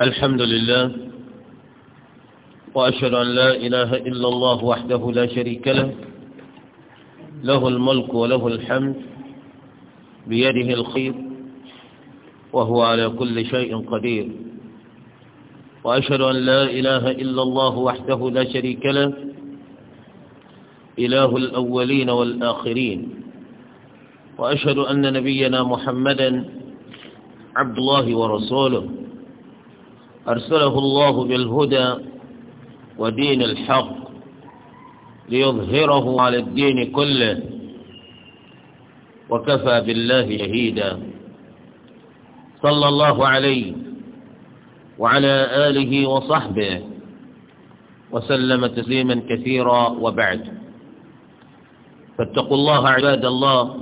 الحمد لله وأشهد أن لا إله إلا الله وحده لا شريك له له الملك وله الحمد بيده الخير وهو على كل شيء قدير وأشهد أن لا إله إلا الله وحده لا شريك له إله الأولين والآخرين وأشهد أن نبينا محمدًا عبد الله ورسوله أرسله الله بالهدى ودين الحق ليظهره على الدين كله وكفى بالله شهيدا صلى الله عليه وعلى آله وصحبه وسلم تسليما كثيرا وبعد فاتقوا الله عباد الله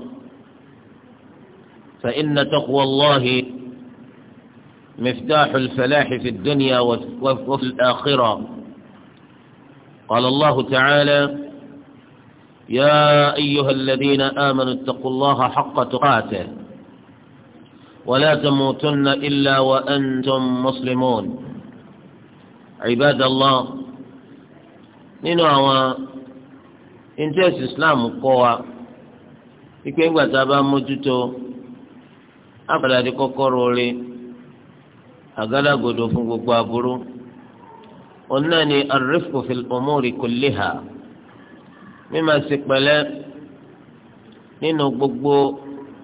فإن تقوى الله مفتاح الفلاح في الدنيا وفي الآخرة قال الله تعالى يا أيها الذين آمنوا اتقوا الله حق تقاته ولا تموتن إلا وأنتم مسلمون عباد الله nínú àwọn interest islam kọ́ wa ìpè ńgbà tá a àgádágodo fún gbogbo aburú òun náà ni arifku fil umuri kulliha mímà sí pẹ̀lẹ́ nínú gbogbo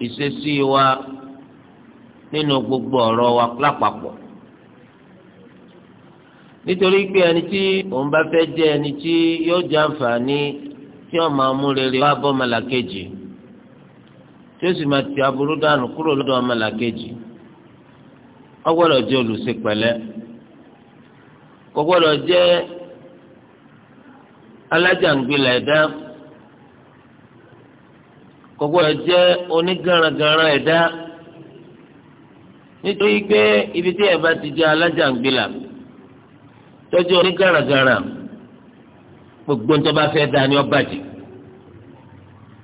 ìṣesí wa nínú gbogbo ọ̀rọ̀ wa lápapọ̀ nítorí pé ẹni tí òun bá fẹ́ jẹ́ ẹni tí yóò jẹ́ àǹfààní tí ó máa mú rere wá bọ́ ọmọlàkejì tí ó sì máa ti aburú dànù kúrò lọ́dọ̀ ọmọlàkejì. ó jẹ olùsèpẹlẹ olùṣepẹ̀lẹ́ jẹ gbọ́dọ̀ jẹ́ alájàngbilà ẹ̀dá kò gbọ́dọ̀ jẹ́ ẹ̀dá nítorí pé ibi tí ẹ bá ti jẹ alájàngbilà tọ́jú onígarangara gbogbo ń tó bá fẹ́ dá ni ó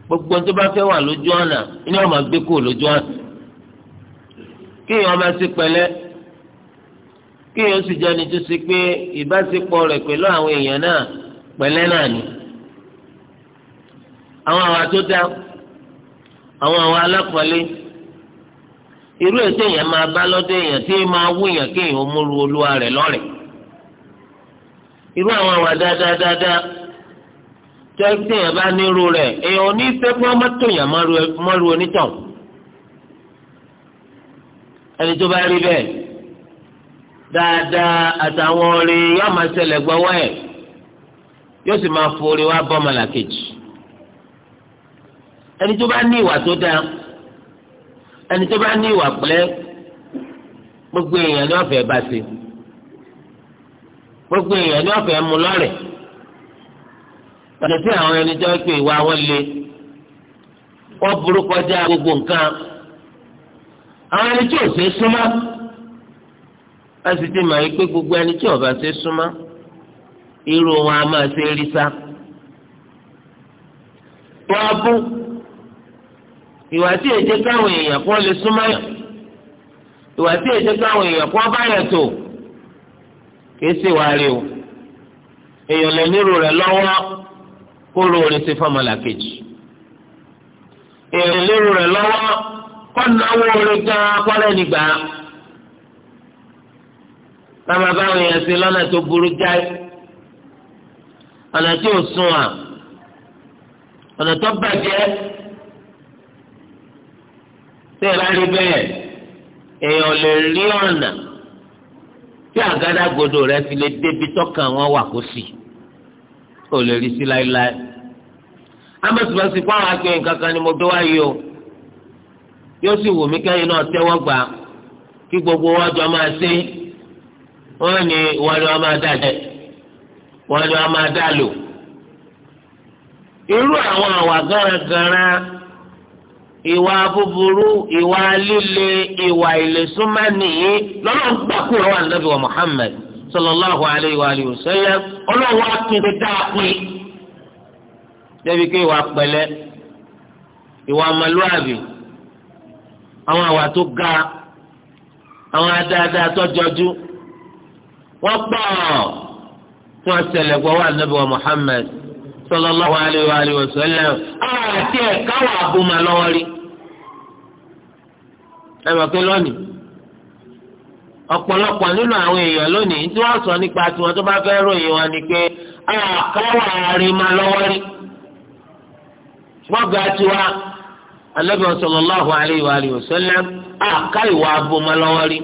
gbogbo ń tó bá fẹ́ wà lójú ọ̀nà ni ó gbé kúrò lójú ọ̀nà. kéèyàn máa ṣe pẹ̀lẹ́ kéèyàn sì jẹ́ ẹni tó ṣe pé ìbáṣepọ̀ rẹ̀ pẹ̀lú àwọn èèyàn náà pẹ̀lẹ́ náà ni àwọn àwa tó dá àwọn àwa alápọ̀lé irú ètò èèyàn máa bá lọ́dọ̀ èèyàn tí máa wú èèyàn kéèyàn múlu olúwa rẹ̀ lọ́rẹ̀ irú àwọn àwa dáadáa tẹ́tí èèyàn bá nírú rẹ̀ èèyàn ò ní fẹ́ kí wọ́n mọ́tò èèyàn mọ́ru onítàn ẹni tó bá rí bẹ́ẹ̀ dáadáa àtàwọn ọ̀rẹ́ yóò máa ṣẹlẹ̀ gbọ́wọ́ ẹ̀ yóò sì máa forí wá bọ́mọlà kejì ẹni tó bá ní ìwà tó dáa ẹni tó bá ní ìwà pẹ́lẹ́ gbogbo èèyàn ni wọ́n fẹ́ bá ṣe gbogbo èèyàn ni wọ́n fẹ́ mú lọ́rẹ̀ pàtàkì àwọn ẹni tó ń pè wá wọ́n lé wọ́n burú kọjá gbogbo nǹkan. àwọn ẹni tí ò ṣe súnmọ́ a sì ti pé gbogbo ẹni tí ọba ṣe súnmọ́ irú wọn a máa ṣe rí sá wọn á bú ìwà tí èjẹ káwọn èèyàn kó lè súnmọ́ yàn ìwà tí èjẹ káwọn èèyàn kó bá yàn tó kìí ṣe wàá rí o èèyàn lè nírú rẹ̀ lọ́wọ́ kó lóore ṣe fọmọlàkejì èèyàn lè nírú rẹ̀ lọ́wọ́. kọ́nàwó orin gan kọ́lẹ́ nígbà bàbá báwọn èèyàn ṣe lọ́nà tó burú jáì ọ̀nà tí ò sún à ọ̀nà tó bàjẹ́ tẹ́ ẹ bá rí bẹ́ẹ̀ èèyàn lè rí ọ̀nà tí àgádágodo rẹ fi lè débi tọ́kàn wọn wà kó sí kò lè rí sí láéláé amẹ́sìmẹ́sì fún àwọn akéwìn kankan ni mo dé wáyé o. yóò sì wù mí kẹ́yìn náà tẹ́wọ́ gbà kí gbogbo wọn jọ máa ṣe wọ́n ni wọn ni máa dá jẹ wọn ni máa dá lò irú àwọn àwà gánragánra ìwà búburú ìwà líle ìwà ìlẹsùnmánì yìí lọ́nà ń gbàkú wa Muhammad sallallahu alayhi wa alihi wa sallam ọlọ́wọ́ akéde dáàpin débi ìwà pẹ̀lẹ́ ìwà àwọn àwà tó ga àwọn adáadáa tó jọjú wọ́n pọ̀ wọ́n ṣẹlẹ̀ gbọ́ wa Muhammad sallallahu alayhi wa alihi wa sallam àwọn àti wà abúmọ rí ẹ pé lónìí ọ̀pọ̀lọpọ̀ nínú àwọn èèyàn lónìí tí wọ́n sọ nípa tiwọn tó bá fẹ́ ròyìn wọn ni pé lọ́wọ́ rí wọ́n ga Ànábì sallallahu alayhi wa alihi wa sallam àká ìwà abomọ lọ́wọ́ rí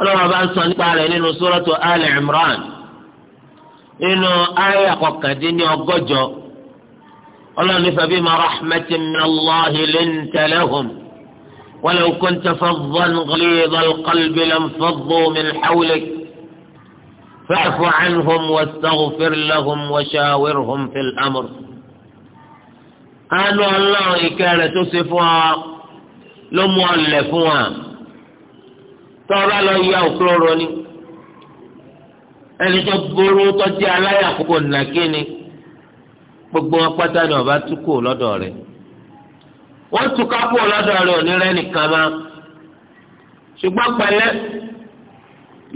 ọlọ́wọ́ bá ń sọ nípa rẹ̀ nínú suratu Ali Imran nínú àyá kọkàndínní ọgọ́jọ ọlọ́run ní fabima rahmatin minallahi linta lahum walau kunta faddan ghalidhal qalbi lanfaddu min hawlik fa'fu anhum wastaghfir lahum washawirhum fil amr. àánú ọlọ́run ìkẹ́ rẹ̀ tó ṣe fún ọ ló mú ọ lẹ̀ fún wa tọ́ra lọ ya òkúròrò ni ẹni tó ború tó jẹ́ aláyàkókò nàkíni gbogbo wọn pátá ni ọba tún kò lọ́dọ̀ rẹ̀ wọ́n tún ká kó lọ́dọ̀ rẹ̀ onírẹ́ nìkan má ṣùgbọ́n pẹ̀lẹ́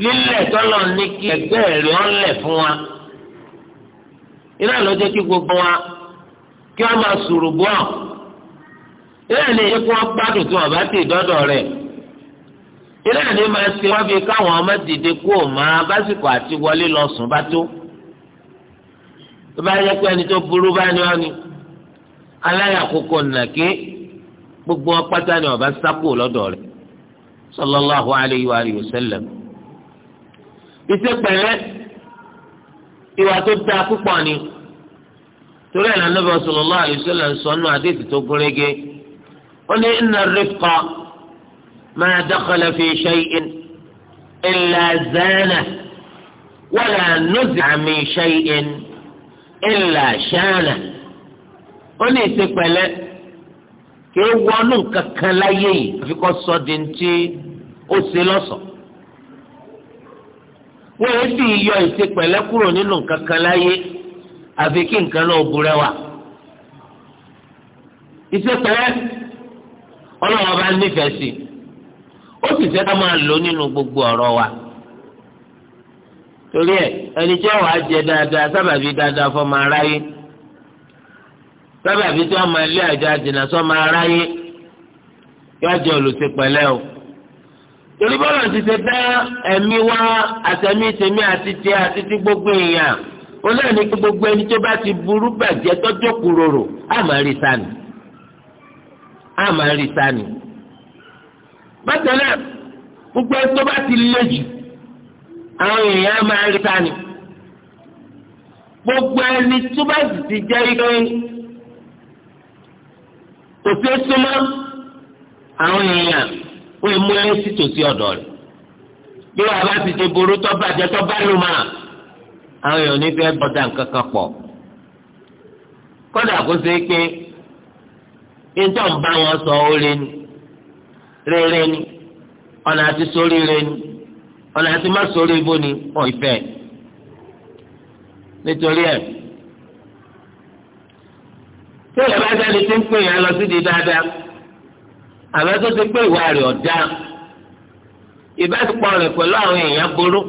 lílẹ̀ tọ́lọ̀ ní kí ẹgbẹ́ rẹ̀ ọ̀ fún wa iná ló jẹ́ gbogbo wa kí wọ́n máa sùrù bọ́ ọ̀ ilé ìní yẹ kí wọ́n gbádùn tí wọ́n bá ti dọ́dọ̀ rẹ̀ ilé ìní máa ṣe wọ́n fi káwọn ọmọ dìde kó o máa básìkò àti wọlé lọ sùn bá tó tó bá yẹ pé ẹni tó burú bá ní wọn ni aláyàkókò nàké gbogbo wọn ni ọba sápò lọ́dọ̀ rẹ̀ sallallahu alayhi wa alihi wa sallam iṣẹ́ pẹ̀lẹ́ ìwà tó dáa púpọ̀ ni. torí ẹ̀ lànà bá sallallahu alaihi wasallam ń sọnù àdéhùn tó gúnrégé ó ní inna rifqa ma fi shay'in illa zanahu wala nuzi'a min shay'in illa shanahu ó ní ìsepẹ̀lẹ́ kí ó wọnú kankan láyé yìí àfi kọ́ sọ di ntí ó ṣe lọ́sọ̀ wọ́n yóò sì kúrò nínú kankan láyé àfi kí nǹkan náà burẹ́ wà. iṣẹ́ pẹ́rẹ́ ọlọ́wọ́ bá nífẹ̀ẹ́ sí ó sì fẹ́ ká máa lò nínú gbogbo ọrọ wa. torí ẹ ẹni tí wàá jẹ dáadáa sábàbí dáadáa sábàbí tí wọn máa lé àjọ yóò jẹ o torí bọ́lá ti ṣe dá ẹ̀mí wá àtẹ̀mí tèmi àti tiẹ̀ àti gbogbo èèyàn olóòní kí gbogbo ẹni tó bá ti burú bàjẹ́ tọ́jú kúròrò àmọ́ rí sani àmọ́ rí sani bákan náà gbogbo ẹni tó bá ti lé jù àwọn èèyàn máa rí sani gbogbo ẹni tó bá sì ti jẹ́ ike kò súnmọ́ àwọn èèyàn ó mú ẹni sí tòsí ọ̀dọ̀ rẹ̀ bí wàá bá ti ti burú tó bàjẹ́ tó bá lò máa. àwọn èèyàn onífẹ́ bọ́dà nǹkan kan pọ̀ kọ́dà kó ṣe pé ìtọ́ ń bá wọn sọ orí ni rere ni ọ̀nà àti sórí rere ni ọ̀nà àti má sórí ibo ni ọ̀ ìfẹ́ nítorí ẹ̀ tí ìyàbá jáde ti ń pè yẹn lọ sí di dáadáa àbẹ́ ti pé ìwà rẹ̀ ọ̀dá ìbáṣepọ̀ rẹ̀ pẹ̀lú àwọn èèyàn burú.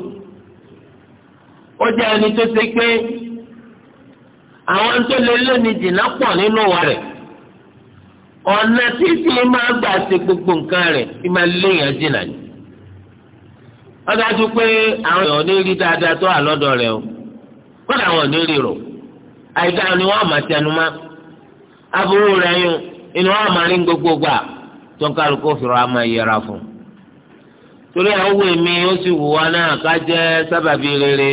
ó jẹ́ ẹni tó ṣe pé àwọn tó lé lónìí dìnnà pọ̀ nínú wa rẹ̀ ọ̀nà tí tí máa gbà ṣe gbogbo nǹkan rẹ̀ tí máa léèyàn jìnnà ni. wọ́n dájú pé àwọn èèyàn ní rí dáadáa tó àlọ́dọ̀ o kódà àwọn ní rí rò àìdá ni wọ́n á máa tẹnumọ́ aburú rẹ̀ yún inú wọn á máa gbogbo gbà tó ń kálukó fìrọ̀ yẹra fún torí àwọn ó sì wù wá rere.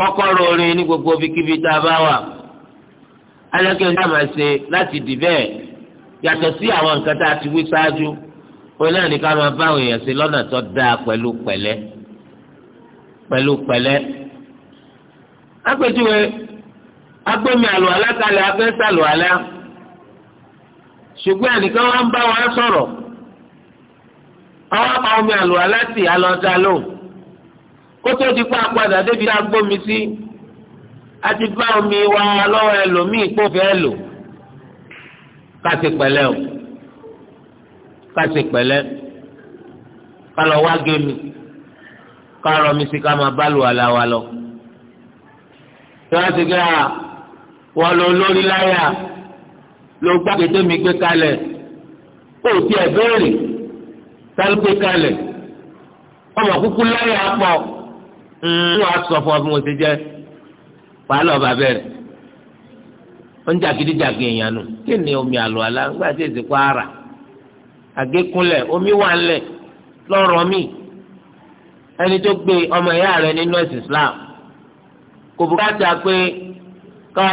kọ́kọ́rọ́ orin ní gbogbo bíkíbi tá a bá wà alẹ́kẹ́ ní àmà ṣe láti dì bẹ́ẹ̀ yàtọ̀ sí àwọn nǹkan tá a ti wí ṣáájú òun náà ní ká máa bá àwọn èèyàn ṣe lọ́nà tó dáa pẹ̀lú pẹ̀lẹ́ pẹ̀lú pẹ̀lẹ́ apẹ̀júwe agbẹ́mi àlọ́ alákalẹ̀ abẹ́sẹ̀ àlọ́ alẹ́ ṣùgbọ́n ànìkan wá ń bá wa sọ̀rọ̀ ọwọ́ pa omi àlọ́ aláti alọ́dá lóhùn kótó ti pa padà débi tá a gbómi sí a ti bá omi wa lọ́wọ́ ẹlòmíì kó fẹ́ lò ká ṣe pẹ̀lẹ́ o ká ṣe pẹ̀lẹ́ ká lọ wá gémi ká rọ mi sí ká máa bá lò àlà wa lọ. tí wọ́n ti gbé a wọ́n lọ lórí láyà ló gbá kété mi gbé kalẹ̀ kó o tiẹ̀ béèrè tá ló gbé kalẹ̀ ọmọ kúkú láyà pọ̀. ń wàá sọ fún ọ bí mo ṣe jẹ́ wàá bàbá ó ń èèyàn nù kí ni omi àlọ́ àlá ńgbà tí èsì kó ara àgékúnlẹ̀ omi wà ńlẹ̀ mi ẹni tó gbé ọmọ ìyá rẹ nínú ẹ̀sìn Islam kò pé káwá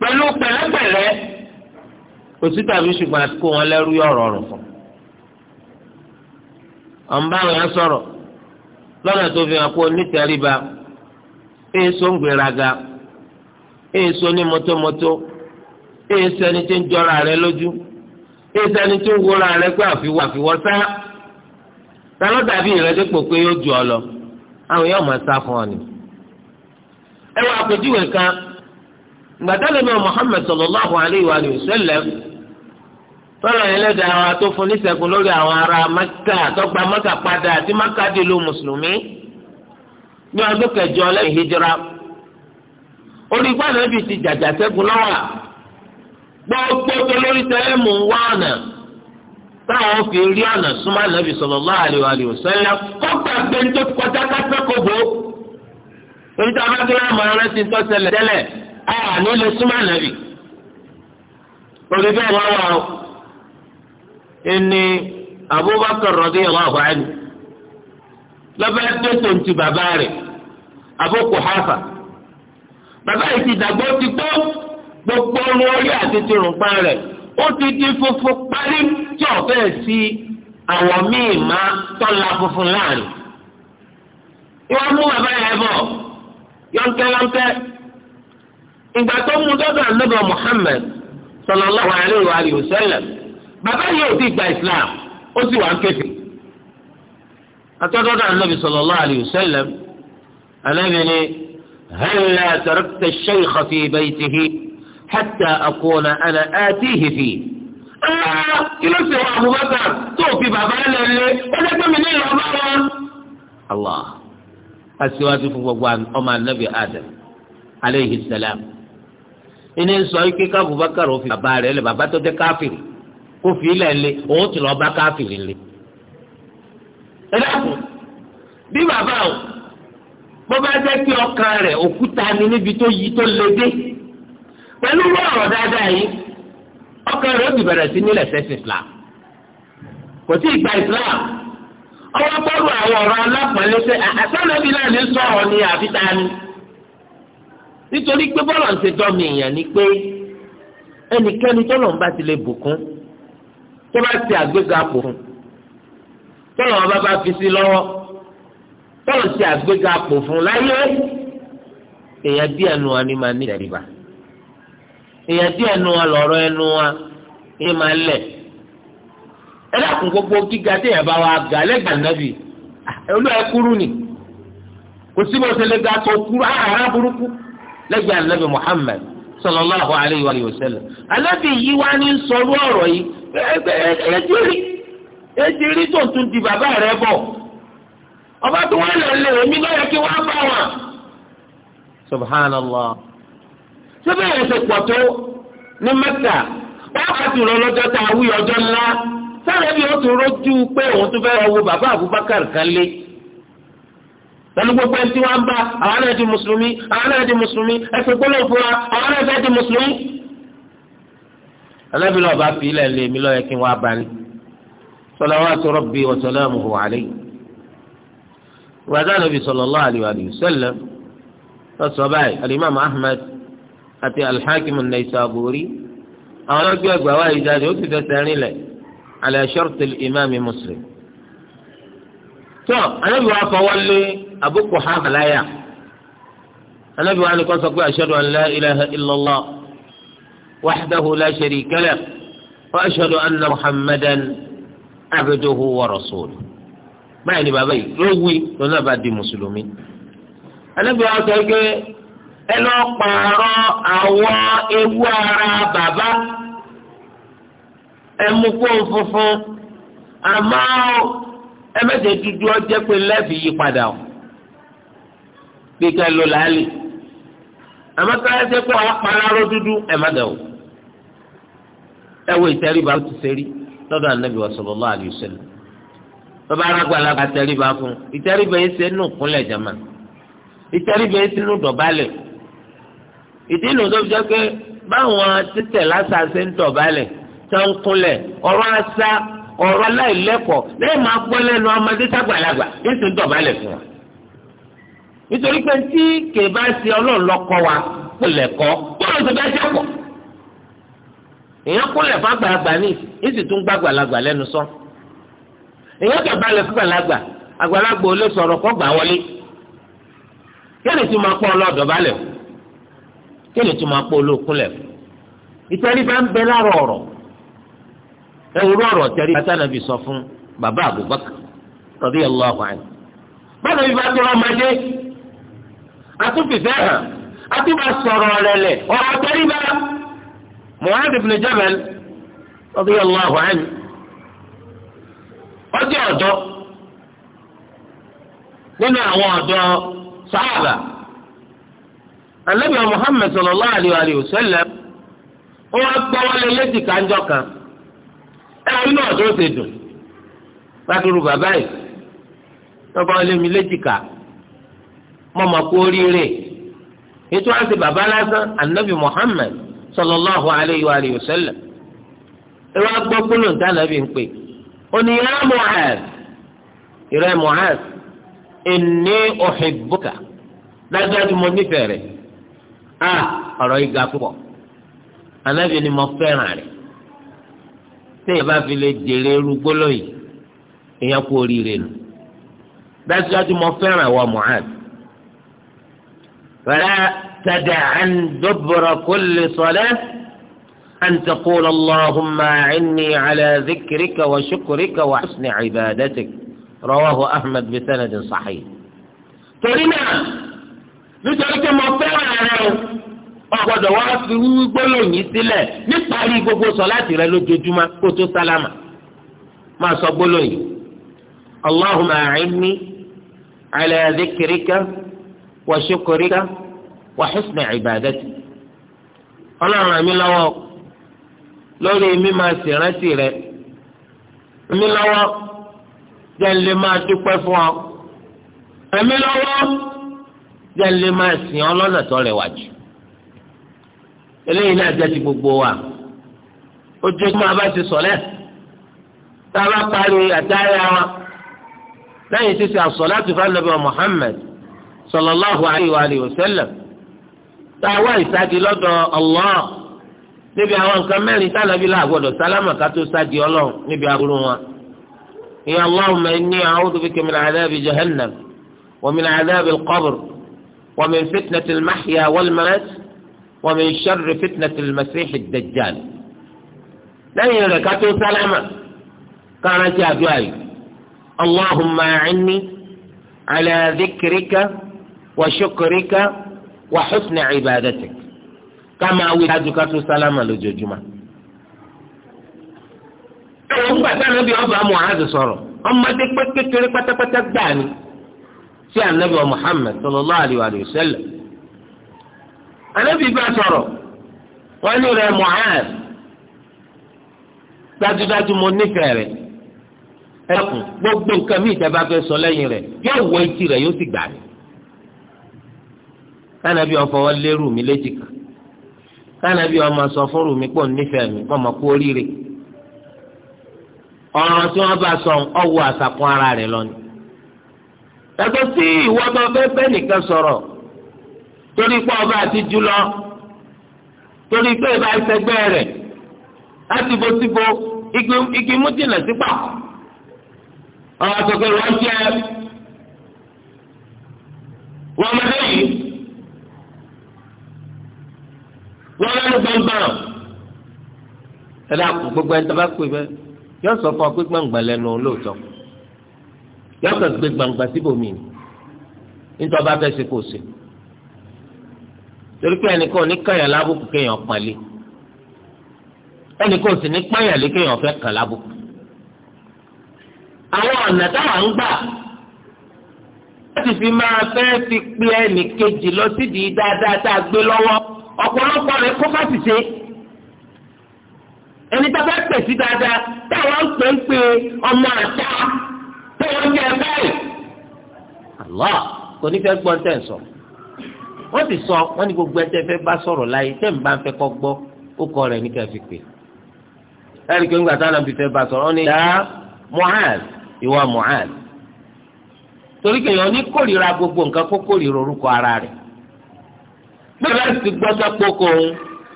pẹ̀lú pẹ̀lẹ́pẹ̀lẹ́ kò sí tàbí ṣùgbọ́n àti kó wọn lẹ́rú yọ ọ̀rọ̀ rọ̀ fún. ọ̀nba yẹn sọ̀rọ̀ lọ́nà tó fi hàn kó onítẹ̀ríba èso ń gbéraga èso ní mọ́tòmọ́tò èso ẹni tí ń jọra rẹ lójú èso ẹni tí ń wúra rẹ pé àfiwọ́ àfiwọ́ sá tàlọ́ dàbí ìrẹ́dẹ́ pò pé yóò jù ọ lọ àwọn yóò máa gbàtàlẹ́ náà Muhammad sallallahu alayhi wa sallam tọ́lọ̀ yẹn lẹ́dàá wa tó fún níṣẹ́gun lórí àwọn ará Mẹ́kà tọ́gbà Mẹ́kà padà àti Mẹ́kà di ìlú mùsùlùmí ní ọdún kẹjọ lẹ́yìn hijira orí gbọ́dọ̀ ibi ti jàjà ṣẹ́gun lọ́wọ́ gbogbo olórí tẹ́lẹ̀mù ń wá ọ̀nà táwọn fi rí ọ̀nà súnmọ́ ànábì sallallahu alaihi wa sallam kọ́gbà gbẹ́ńtó kọjá kásán kò bó orí táwọn akéwà máa rántí tọ́sẹ̀lẹ̀ tẹ́lẹ̀ àwọn ah, àní lè súnmọ́ ànábì orí bẹ́ẹ̀ o ẹni Abubakar radiyallahu anhu lọ́bẹ̀ tẹ̀sán ti bàbá rẹ̀ Abu Quhafa bàbá yìí ti dàgbọ́ ti gbọ́ gbogbo ọrùn orí àti tìrùnpá rẹ̀ ó ti di funfun parí tí ọ̀fẹ́ sí àwọ̀ míì máa tọ́la funfun láàrin. ìwọ́n mú bàbá yẹn bọ̀ ìgbà tó mú dọ́gbà dọ́dọ̀ ànábà Muhammad sallallahu alayhi wa sallam bàbá yìí ò ti gba Islam ó sì wà ń kéde atọ́dọ́dọ̀ ànábì sọlọ alayhi wa sallam ànábì ni halla tarakta shaykha fi baytihi hatta akuna ana atihi fi. kí ló ṣe wà Abubakar tó fi bàbá lẹ́lẹ́ ó dẹ́gbẹ́ mi ní ìlú ọba wọn. Allah aṣíwájú fún gbogbo ọmọ ànábì Adam aleyhi salam. ẹni sọ ike ká Abubakar ó fi bàbá rẹ̀ lé bàbá tó jẹ́ káfìrì kó fi ilẹ̀ lé òun ti lọ bá káfìrì lé. ẹ dákun bí bàbá o bó bá jẹ́ kí ọkàn rẹ̀ òkúta ni níbi tó yí tó le dé pẹ̀lú ọ̀rọ̀ dáadáa yìí ọkàn rẹ̀ ó ti bẹ̀rẹ̀ sí nílẹ̀ sẹ́sìn Islam kò tí ì gba Islam ọwọ́ gbọ́dọ̀ àwọn ọ̀rọ̀ alápọ̀lẹ́sẹ̀ àtàlẹ́bí náà ní sọ̀rọ̀ ni àbí ta ni. nítorí pé bọ́lá ń ṣe dọ́mi èèyàn ni pé ẹnikẹ́ni tọ́lọ̀ ń bá ti lè bùkún tó bá ti àgbéga pò fún tọ́lọ̀ wọn bá bá fi sí lọ́wọ́ tọ́lọ̀ ti àgbéga pò fún láyé èèyàn díẹ̀ nu wa ni máa ní èèyàn díẹ̀ wa lọ̀rọ̀ ẹnu wa ni máa lẹ̀ ẹ gbogbo gíga bá lẹ́gbẹ̀ẹ́ anabi muhammed sallallahu alayhi wa sallam anabi yìí wá ní sọ̀rọ̀ ọ̀rọ̀ yìí ẹtí rí ẹtí rí tó tún di bàbá rẹ̀ bọ̀ ọba tó wọn lè lè mí lọ́yọ̀ kí wọ́n bá wọn. subhanallah síbẹ̀ yẹn ti pọ̀ tó ní mẹ́ta wákàtí lọ́lọ́jọ́ tá a wí ọjọ́ ńlá sáré bí ó tún abubakar kan lé. pẹ̀lú gbogbo ẹni tí wọ́n ń bá àwọn náà di mùsùlùmí àwọn náà di mùsùlùmí ẹsẹ̀ gbọ́dọ̀ fún wa àwọn náà fẹ́ di mùsùlùmí. alábìlẹ̀ ọba fi ilẹ̀ lé mi lọ́yẹ kí wọ́n abani salawatu rabbi wa salamuhu alayhi. ìwádàá nàbì sallallahu alayhi wa sallam lọ́sọ̀ báyìí alimami ahmed àti alḥakim an àwọn ọlọ́gbẹ́ ẹgbàá wáyé jáde tó anabi wa fọwọ́ lé Abu Quhafa láyà anabi wa nìkan sọ pé ashhadu ala ilaha illallah wahdahu la sharika lahu wa ashhadu ana muhammadan abduhu wa rasul báyìí ni bàbá yìí ló wí lọ́nà bá di mùsùlùmí. anabi wa sọ pé ẹ lọ pààrọ̀ àwọn ewu ara bàbá ẹ mú kó funfun amáwó. ẹ mẹ́tẹ̀ẹ́ dúdú ọjẹ́ pé lẹ́ẹ̀fì yí padà o bí ká lò láàlì àmọ́ káyọ̀ ṣe pé wàá pararó dúdú ẹ má dà o ẹ wo ìtẹ́ríba ó ti ṣe rí lọ́dọ̀ ànábì sallallahu alaihi wasallam bàbá arágbàlagbà tẹríba fún ìtẹríba yìí ṣe nù kúnlẹ̀ jama ìtẹríba yìí ṣe nù dọ̀bálẹ̀ ìdí nù tó fi pé báwọn títẹ̀ lásà ṣe ń dọ̀bálẹ̀ tó ń kúnlẹ̀ ọ̀rọ̀ àṣà ọ̀rọ̀ aláìlẹ́kọ̀ọ́ lẹ́yìn máa gbọ́ lẹ́nu ọmọdé sàgbàlagbà yéésù ń dọ̀bálẹ̀ fún wa. nítorí pé tí kèébá ṣe ọlọ́run wa kúlẹ̀ kọ́ bọ́ọ̀lù tó bá ṣe pọ̀. èèyàn fún àgbàlagbà ní tún lẹ́nu sọ. èèyàn fún àgbàlagbà ò lè sọ̀rọ̀ kọ́ gbà wọlé. kíni tí máa pọ̀ ẹwúrọ ọ̀rọ̀ tẹrí bàtà sọ fún bàbá hàn sọ̀rọ̀ ọ̀rọ̀ bá ibn ọjọ́ ọ̀dọ́ nínú àwọn ọ̀dọ́ sáàbà Muhammad wa táwọn náà tó ṣe dùn pàtàkì bàbá yìí tọ́ba ọlẹ́mi léjìká mọ́mọ́ kú oríire ètò àti bàbá lásán anabi muhammed sallallahu alayhi wa sallam ẹ wá gbọ́ anabi ń pè oníyàrá ìrẹ́ dájúdájú mo nífẹ̀ẹ́ rẹ̀ a ah, ọ̀rọ̀ púpọ̀ anabi ni mo fẹ́ràn rẹ̀. téèyàn bá fi lè jèrè irú gbólóhùn yìí èèyàn kú oríire nù dájúdájú mo fẹ́ràn àwọn ìwọ Mu'adh fala tada'an dubra kulli salah an taqula allahumma a'inni ala dhikrika wa shukrika wa husni ibadatik rawahu ahmed bi sẹ́nẹ̀dì sahih. torí náà nítorí pé mo fẹ́ràn àwọn. ọgbọ́dọ̀ wá fi gbólóyìn sílẹ̀ níparí gbogbo sọláàtì rẹ lójoojúmọ́ kó tó sálámà máa sọ gbólóyìn allahumma a'inni ala dhikrika wa shukrika wa husni ọlọ́run lórí mi máa sì rántí rẹ mi máa fún ọ máa sìn ọ eléyìí náà jẹ́ ti gbogbo wa ojú kí máa bá ti sọ̀lẹ́ tá a bá parí àtàyà wa lẹ́yìn títí àsọ̀láàtì fanabi Muhammad sallallahu alayhi wa sallam tá a wá ìsádi lọ́dọ̀ Allah níbi àwọn nǹkan mẹ́rin tánàbí làgbọ́dọ̀ sálámà ká tó sádi ọlọ́run níbi aburú wọn. ya Allahumma inni a'udhu bika min adhabi jahannam wa min adhabi al-qabr wa min fitnati ومن شر فتنة المسيح الدجال لن يركته سلامة قالت يا بيالي. اللهم أعني على ذكرك وشكرك وحسن عبادتك كما ولدك سلامة لجوجما أمك النبي أبا معاذ صار أمك بك كتير بتك بتك داني النبي محمد صلى الله عليه وسلم anabi bá sọ̀rọ̀ wọ́n ní rẹ̀ Mu'adh dájúdájú mo nífẹ̀ẹ́ rẹ̀ ẹkùn gbogbo nǹkan mi ìjẹba fẹ́ sọ lẹ́yìn rẹ̀ yóò wọ etí rẹ̀ yóò sì gbà mí. kánabi ọ̀fọwọ́ lérù mi léjìká kánabi ọmọ sọ fún rù mí pọ̀ nífẹ̀ẹ́ mi ọmọ kú oríire ọ̀ràn tí wọ́n bá sọ ọwọ́ àṣàkùn ara rẹ̀ lọ ni. yàtọ̀ sí ìwọ́n bá fẹ́ fẹ́ nìkan sọ̀rọ̀ torí pé ọba àti jùlọ torí pé ìbá ìsẹgbẹ́ rẹ̀ láti bo síbo igi mú jìnnà sípà ọ̀rọ̀ àtọ̀kẹ́ rẹ̀ ń jẹ́ wọ́n mọdé yìí wọ́n lẹ́nu gbọ̀ngbọ̀n ẹ gbogbo ẹni tó pè bẹ́ẹ̀ yọ sọ fún ọ pé gbọ̀ngbọ̀n lẹ́nu lóòótọ́ yọ sọ gbé gbọ̀ngbọ̀n síbòmí ní nítorí ọba fẹ́ ṣe kò sí torí pé ẹnìkan ní kàyàn lábùkù kéèyàn pọnlé ẹnìkan sì ní pààyàn lé kéèyàn fẹ́ kàn lábùkù. àwọn ọ̀nà táwa ń gbà láti fi máa fẹ́ fi pé ẹnì kejì lọ sídìí dáadáa tá a gbé lọ́wọ́ ọ̀pọ̀lọpọ̀ rẹ̀ kó bá sì ṣe. ẹni tá a bá pè sí dáadáa táwa ń pè ń pe ọmọ àtà tó ń jẹ báyìí. àlọ́ kò ní fẹ́ gbọ́n tẹ̀ sọ̀rọ̀. wọ́n ti sọ wọ́n ní gbogbo ẹtẹ fẹ́ bá sọ̀rọ̀ láyé tẹ́ ń bá ń fẹ́ kọ́ gbọ́ ó kọ́ rẹ̀ ní kẹfì pé ẹ̀rí pé fẹ́ bá sọ̀rọ̀ dá torí ní kórìíra gbogbo nǹkan kó kórìíra orúkọ ara rẹ̀ ti gbọ́ kò ń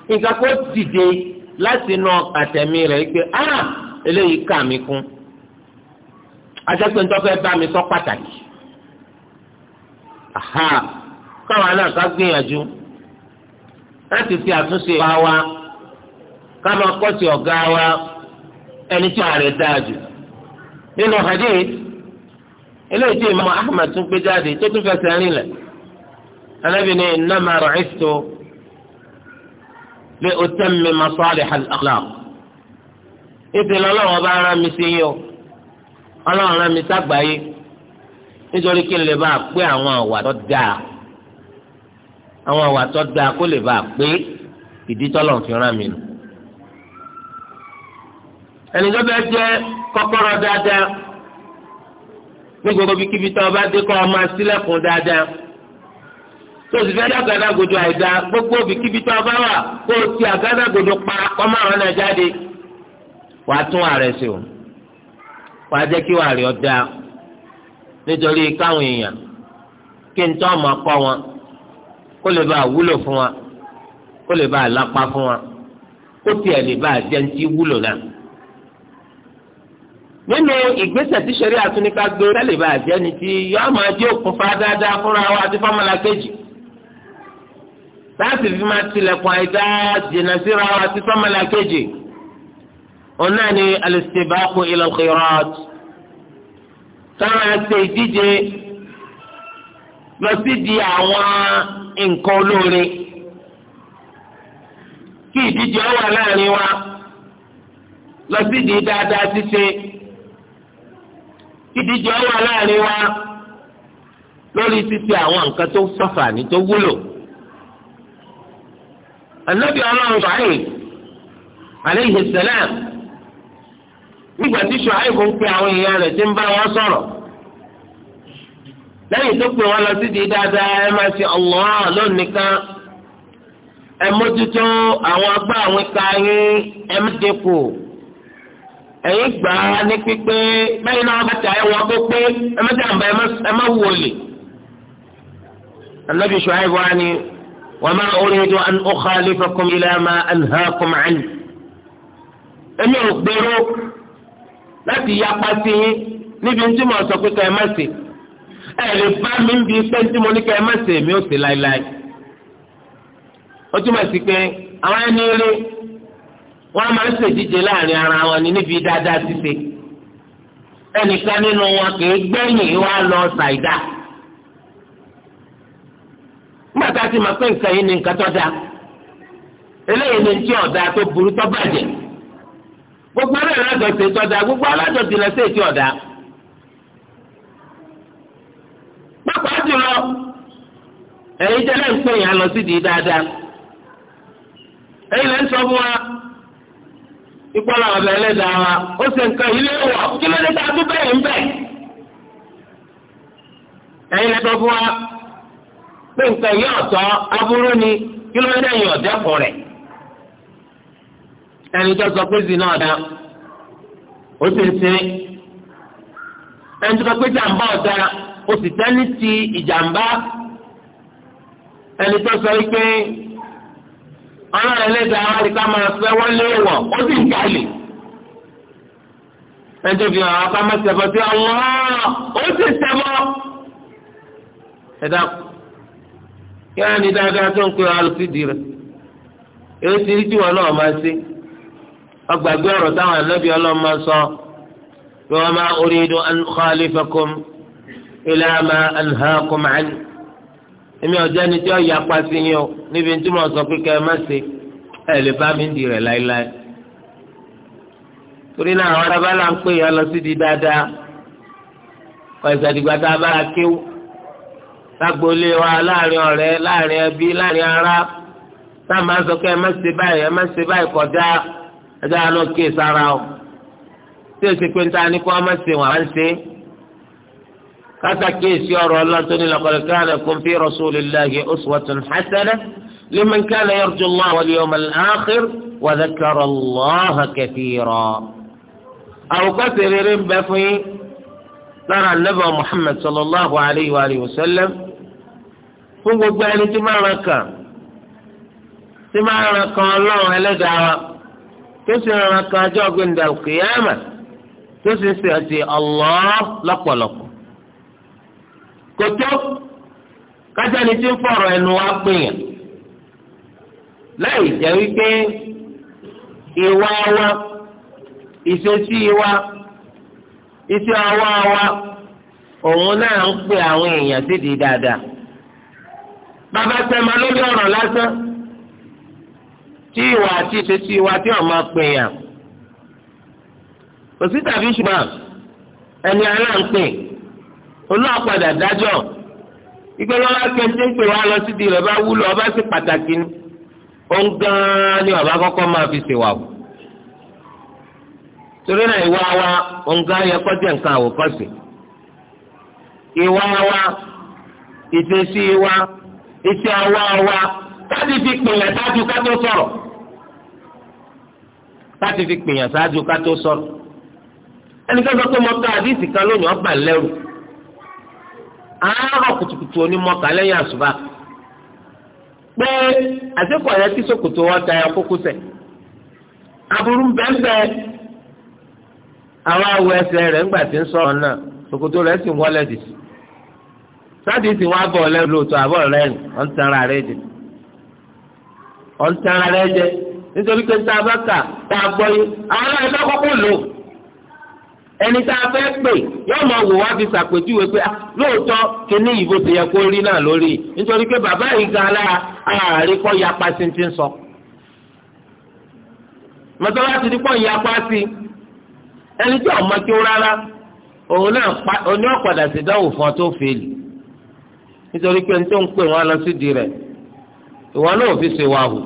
nǹkan kó dìde láti nà àtẹ̀mí rẹ̀ pé ah, eléyìí kà mí kún ń mi sọ pàtàkì káwọn náà ká gbìyànjú láti fi àtúnṣe wa ká máa ọ̀gá wa ẹni tí ààrẹ dáa jù nínú hadith eléyìí tí imaamu ahmed tún gbé jáde tó tún fẹsẹ̀ rinlẹ̀ anabi ni innama ru'istu li utammima salih al-akhlaq ìtìlẹ̀ ọlọ́wọ́ bá rán mi sí yín ọlọ́run mi nítorí kí a àwọn àwà tó dáa kó lè bàa pé ìdí tọ́lọ̀ fi rán mi nù. ẹnìjọ́ bẹ́ẹ̀ jẹ́ kọ́kọ́rọ́ dáadáa ní gbogbo bíkíbi tó o bá dé kọ́ ọ máa ṣílẹ̀kùn dáadáa tó o sì fẹ́ dágadágodo àìda gbogbo bíkíbi tó o bá wà kó o ti àgádágodo pa ọmọ àwọn náà jáde wàá tún ààrẹ sí o wàá jẹ́ kí wàá rí ọ dáa nítorí káwọn èèyàn kí n tọ́ ọmọ kọ́ wọn kó lè bá wúlò fún wa kó lè bá lápá fún wa kó tiẹ̀ lè bá jẹ́ntì wúlò náà. nínú ìgbésẹ̀ tí sẹ́rí àtúnika gbé tẹ́lẹ̀ bá jẹ́ni tí yọ́ọ́ máa jẹ́ òkun fa dáadáa fúnra wa àti fọ́mọlá kejì láti fi máa tilẹ̀kùn àìdá jìnnà síra wa àti fọ́mọlá kejì ọ̀nà ni alistibaqu ila alkhairat táwọn ẹsẹ̀ ìdíje lọ sí di àwọn nǹkan olóore kí ìdíje ó wà láàrin wa lọ si dị dáadáa ṣíṣe ìdíje ó wà láàrin wa lórí ṣíṣe àwọn nǹkan tó ṣàǹfààní tó wúlò. Ànábì ọlọ́run ṣàlẹ̀ alayhi salam nígbà tí ṣàlẹ̀ kò ń pe àwọn èèyàn rẹ̀ tí ń bá wọn sọ̀rọ̀. lẹ́yìn tó pè wọ́n lọ sí di dáadáa ẹ máa ṣe Allah lónìí nìkan ẹ mójútó àwọn agbá àwọn ìka yín ẹ má dínkù ẹ̀yin gbà á ní pípé bẹ́ẹ̀ náà bàtà ẹ wọ́n kó ẹ má jàǹbá ẹ má wọlé. النبي شعيب واني وما أريد أن أخالفكم إلى ما أنهاكم عنه èmi ò gbèrò láti yapa sí yín níbi tí mo sọ pé ká ẹ má ṣe ẹ bá mi ń bi pé tí ní ká ẹ má ṣe mi ò ṣe láéláé ó túmọ̀ sí pé àwọn ẹni rí máa ń láàrin ara wọn ní níbi dáadáa ṣíṣe ẹnìkan nínú wọn kì í gbẹ̀yìn wá lọ ṣàìdá nígbà a ti mọ̀ pé nǹkan yìí ni nǹkan tó dáa eléyìí ni tí ọ̀dà tó burú tó bàjẹ́ gbogbo aláàjọ ṣe tó dáa gbogbo aláàjọ ti lọ sí ètí pàápàá jùlọ ẹ̀yin tẹ́lẹ̀ ń pè yàn lọ sídìí dáadáa ẹ̀yin lẹ́ ń sọ fún wa ìpọ́nlá ọ̀bẹ ẹlẹ́dàá wa ó ṣe nǹkan ilé wọ̀ kí ló dé tá a tún bẹ̀rẹ̀ ń bẹ̀. ẹ̀yin lẹ́tọ́ fún wa pé nǹkan yìí ọ̀tọ̀ aburú ni kí ló dé ẹ̀yin ọ̀dẹ́kùn rẹ̀. ẹni tó sọ pé zina ọ̀dà ó ti ń sin ẹni tó sọ pé jàǹbá ọ̀dà o sì tẹ́ni ti ìjàmbá ẹni tó sọ wípé ọlọ́run ẹlẹ́dàá àwọn àríkà máa fẹ́ wọ́n léèwọ̀ ó sì ń jalè ẹni tó fi hàn án pàmò sẹ́fọ́ sí ọ̀wọ́n ó sì sẹ́fọ́ ẹ̀dá kí á ní dáadáa tó ń pe alùpùpù rẹ̀ èyí ti rí tí wọn náà máa ṣe ọgbàgbé ọ̀rọ̀ táwọn ànábì ọlọ́run máa sọ bí wọ́n máa uridu an khalifakum. ilé ama ẹnha kọ́mọ̀ánì èmi ọ̀jẹ́ ni tí ọ yà pa sí yín o níbi tí mo sọ pé kẹ́ ẹ má ṣe ẹ lè bá mi láéláé torí náà àwọn arábá là ń pè yín lọ sí di dáadáa ọ̀sẹ̀ ìdìgbà tá a bá wa láàrin láàrin ẹbí láàrin ará máa sọ pé ẹ má ṣe báyìí ẹ má ṣe báyìí kọjá kásákèésí ọ̀rọ̀ ọlọ́run tó ní laqad kana lakum fi rasulillahi uswatun hasanah liman kana yarju Allah wal yawmal akhir wa dhakara Allah kathira. àwòkọ́ṣe rere ń bẹ fún yín lára anábà Muhammad sallallahu alayhi wa alihi wa sallam fún gbogbo ẹni tí máa ràn kàn tí máa ràn kàn ọlọ́run ẹlẹ́dàá wa tó sì ràn kàn ọjọ́ gbẹ̀ndàlùkìyàmà tó sì sèǹtì Allah lọ́pọ̀lọpọ̀. Kòtò tó kájà ni tí ń fọ̀rọ̀ ẹnu wa gbìyàn láì jẹ́ wípé ìwà wa ìṣesí wa iṣẹ́ ọwọ́ wa òun náà ń pè àwọn èèyàn sídìí dáadáa bàbá sẹ́mi lórí ọ̀rọ̀ lásán tí ìwà àti ìṣesí wa tí wọ́n máa pè yàn kò sí tàbí ṣùgbọ́n ẹni aláǹpẹ̀ olóò padà dájọ́ ìgbẹ́ lọ́wọ́ akẹ́ntì ń pè wá lọ sí di rẹ̀ bá wúlò ọba sí pàtàkì ni òun gan-an ni ọba kọ́kọ́ máa fi ṣèwà o torí náà ìwà wa òun gan-an yẹ kọ́jẹ́ nǹkan àwòkọ́sì ìwà wa ìfèsì wa iṣẹ́ àwa wa káti fi pìyàn ṣáájú ká tó sọ̀rọ̀ káti fi pìyàn ṣáájú ká tó sọ̀rọ̀ ẹnikẹ́ni sọ pé mo àdìsí kan lónìí ọgbà lẹ́rù. àárọ̀ kùtùkùtù onímọ̀ọ́kà lẹ́yìn àṣùbà pé àdékù àyẹ kí wọn da ya kókó sẹ̀ aburú bẹ́ẹ̀ àwọn awọ ẹsẹ̀ rẹ̀ ńgbà tí ń sọ̀rọ̀ náà ṣòkòtò rẹ̀ sì wọlé dì sí sáàdì sì wọn abọ̀ lẹ́nu lóòótọ́ àbọ̀ rẹ̀ wọ́n ń tẹ́ra jẹ wọ́n jẹ nítorí pé ẹni tá a fẹ́ pè yóò mọ wò wá fi ṣàpèjúwe pé ah, lóòótọ́ kíní ìbò ti yẹ kó rí náà lórí nítorí pé bàbá yìí gan alára ààrẹ kọ́ yapa sí ti ń sọ. mọ̀tọ́lá ti dípọ̀ yapa sí ẹni tí ọmọ kí ó rárá òun náà oní ọ̀padà sí dáwò fún ọ tó fèlì nítorí pé ní tó ń pè wọn lọ sídìí rẹ̀ ìwọ náà ò fi ṣèwà hù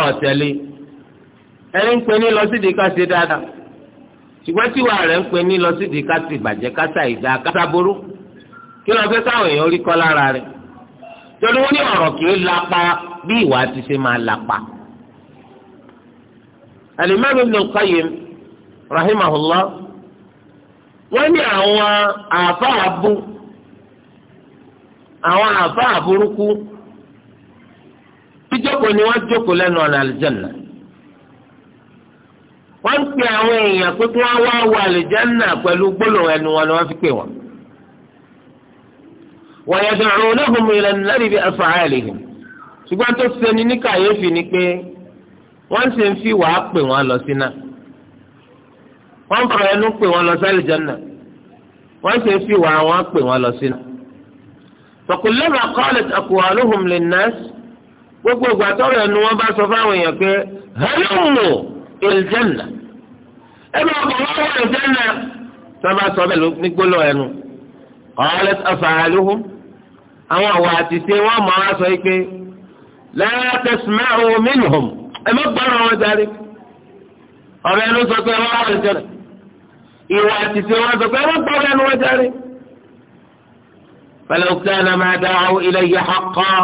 ọ̀ ẹni ń pè ní lọ sídìí ká ṣe dáadáa ṣùgbọ́n tíwà rẹ̀ ń pè ní lọ sídìí kásì ìbàjẹ́ kásà ìdá kásà ború kí lọ fẹ́ káwọn èèyàn rí kọ́ lára rẹ̀ torí wọ́n ní ọ̀rọ̀ kì bí ìwà ti ṣe máa lapa. Al-Imam Ibn rahimahullah wọ́n ní àwọn àáfàá bú àwọn burúkú ni wọ́n jókòó lẹ́nu ọ̀nà wọ́n ń pe àwọn èèyàn pé kí wọ́n wá wọ àlùjánnà pẹ̀lú gbólóhùn ẹnu wọn ni wọ́n fi pè wọ́n. wa yad'unahum ila an-nari bi af'alihim ṣùgbọ́n tó ṣeni ní kàyéfì ni pé wọ́n sì ń fi wàá pè wọ́n lọ sí náà wọ́n fọ̀rọ̀ ẹnu pè wọ́n lọ sí àlùjánnà wọ́n sì ń fi wàá wọ́n pè wọ́n lọ sí náà. fa kullama qalat aqwaluhum lin-nas gbogbo ẹ máa bọ̀ wọ́n wọ́n lọ́jọ́ náà sábà sọ bẹ́ẹ̀ ló ní gbólọ̀ ẹnu ọ̀ọ́lẹ́ afàlùhù àwọn àwọ̀ àti ṣe wọ́n mọ̀ wá sọ yìí pé látẹ̀sùmá omi nìhùn ẹ má gbọ́rọ̀ wọn jáde ọ̀rọ̀ ẹnu sọ pé wọ́n wà lọ́jọ́ ìwà àti ṣe sọ pé ẹ má ẹnu wọn jáde. فلو كان ما دعوا إليه حقا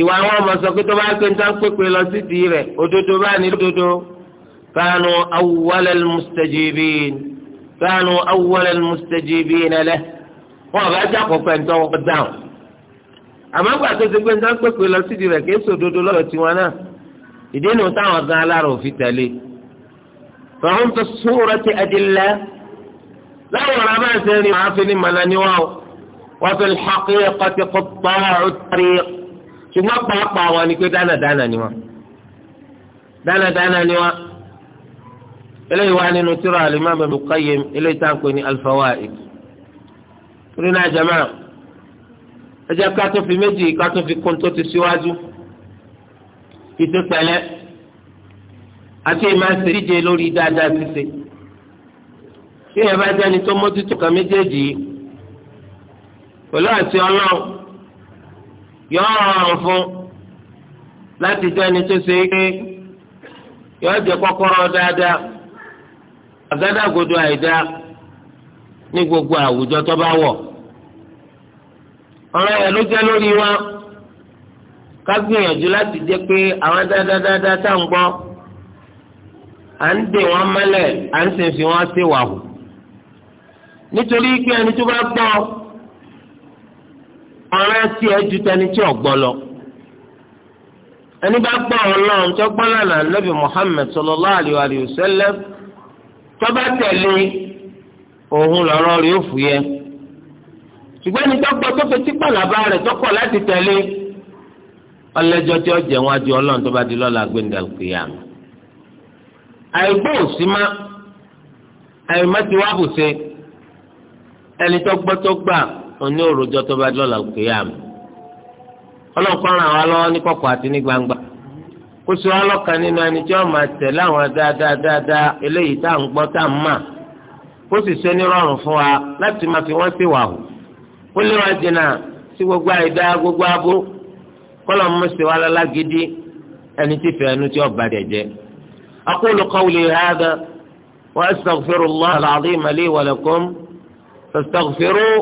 ìwà àwọn ọmọ sọ pé tó bá gbé ń tán pépè lọ sí ti rẹ̀ òdodo bá ní òdodo كانوا أول المستجيبين كانوا أول المستجيبين له wọ́n bá jákòó pẹ̀lú tọ́wọ́ dáhùn àmọ́ gbà tó ti pé ní pẹ́pẹ́ lọ síbi rẹ̀ kí èso òdodo lọ́rọ̀ tiwọn náà ìdí nu táwọn gan alára òfin tẹ̀lé fàwọn tó sóòrọ̀ ti adìlẹ́ láwọn ará máa ń sẹ́ ni wàá fi ní màlá níwọ̀n wọ́n fi lọ́kì ẹ̀kọ́ ti kó pààrọ̀ tari ṣùgbọ́n pàápàá wọn ni pé dánadáná ni wọn dánadáná ni wọn eléyìí wá nínú tírà alimami Al-Qayyim eléyìí tá à ń pè ní al-Fawaid torí náà jama ẹ jẹ́ ká tó fi méjì ká tó fi kún tó ti síwájú ìṣe pẹ̀lẹ́ àti ìmáṣeríje lórí dáadáa ṣíṣe bí ẹ bá jẹ́ni tó mójútó kan méjèèjì yìí pẹ̀lú àti ọlọ́run yọ ọ̀rọ̀ fún láti jẹ́ni tó ṣe é pé jẹ́ kọ́kọ́rọ́ dáadáa. àgádágodo àìdá ní gbogbo àwùjọ tó bá wọ̀ ọ̀rọ̀ yẹn ló lórí wa ká gbìyànjú láti jẹ pé àwọn dáadáa tá ń gbọ à ń dè wọn mọ́lẹ̀ à ń sì fi wọ́n sí wàhù nítorí pé ẹni tó bá gbọ́ ọ̀rọ̀ tí ẹ ju tẹni tí ò lọ ẹni bá tọ́ba tẹ̀lé òun lọ́rọ́ rí ó fù yẹ ṣùgbọ́n ní tọ́gbọ́ tó fetí pàlàbà rẹ̀ tọ́kọ̀ láti tẹ̀lé ọlẹ́jọ́ tí ó jẹ́ wọn ju ọlọ́run tó bá di lọ́la gbẹ̀ndàlùkìyàmù àìgbọ́ òsínmá àìmọ́tí wá bùṣe ẹni tọ́gbọ́ tó gbà òní òròjọ́ tó bá di lọ́la gbẹ̀yàmù ọlọ́run kọ́ran àwa lọ́wọ́ ní kọ̀kọ̀ àti ní gbangba. kó sọ ọlọ́kan nínú ẹni tí wọ́n máa tẹ̀lé àwọn dáadáa dáadáa eléyìí tá à ń gbọ́ tá à ń mà kó sì ṣe nírọ̀rùn fún wa láti máa fi wọ́n sí wà hù kó lè wọ́n jìnnà sí gbogbo àìdá gbogbo abó kọ́lọ̀ mú sí wa lọ́la gidi ẹni tí fẹ́ ẹnu tí ó ba dẹ̀ jẹ́. aqulu qawli hadha wa astaghfirullaha al-azim li wa lakum fastaghfiruhu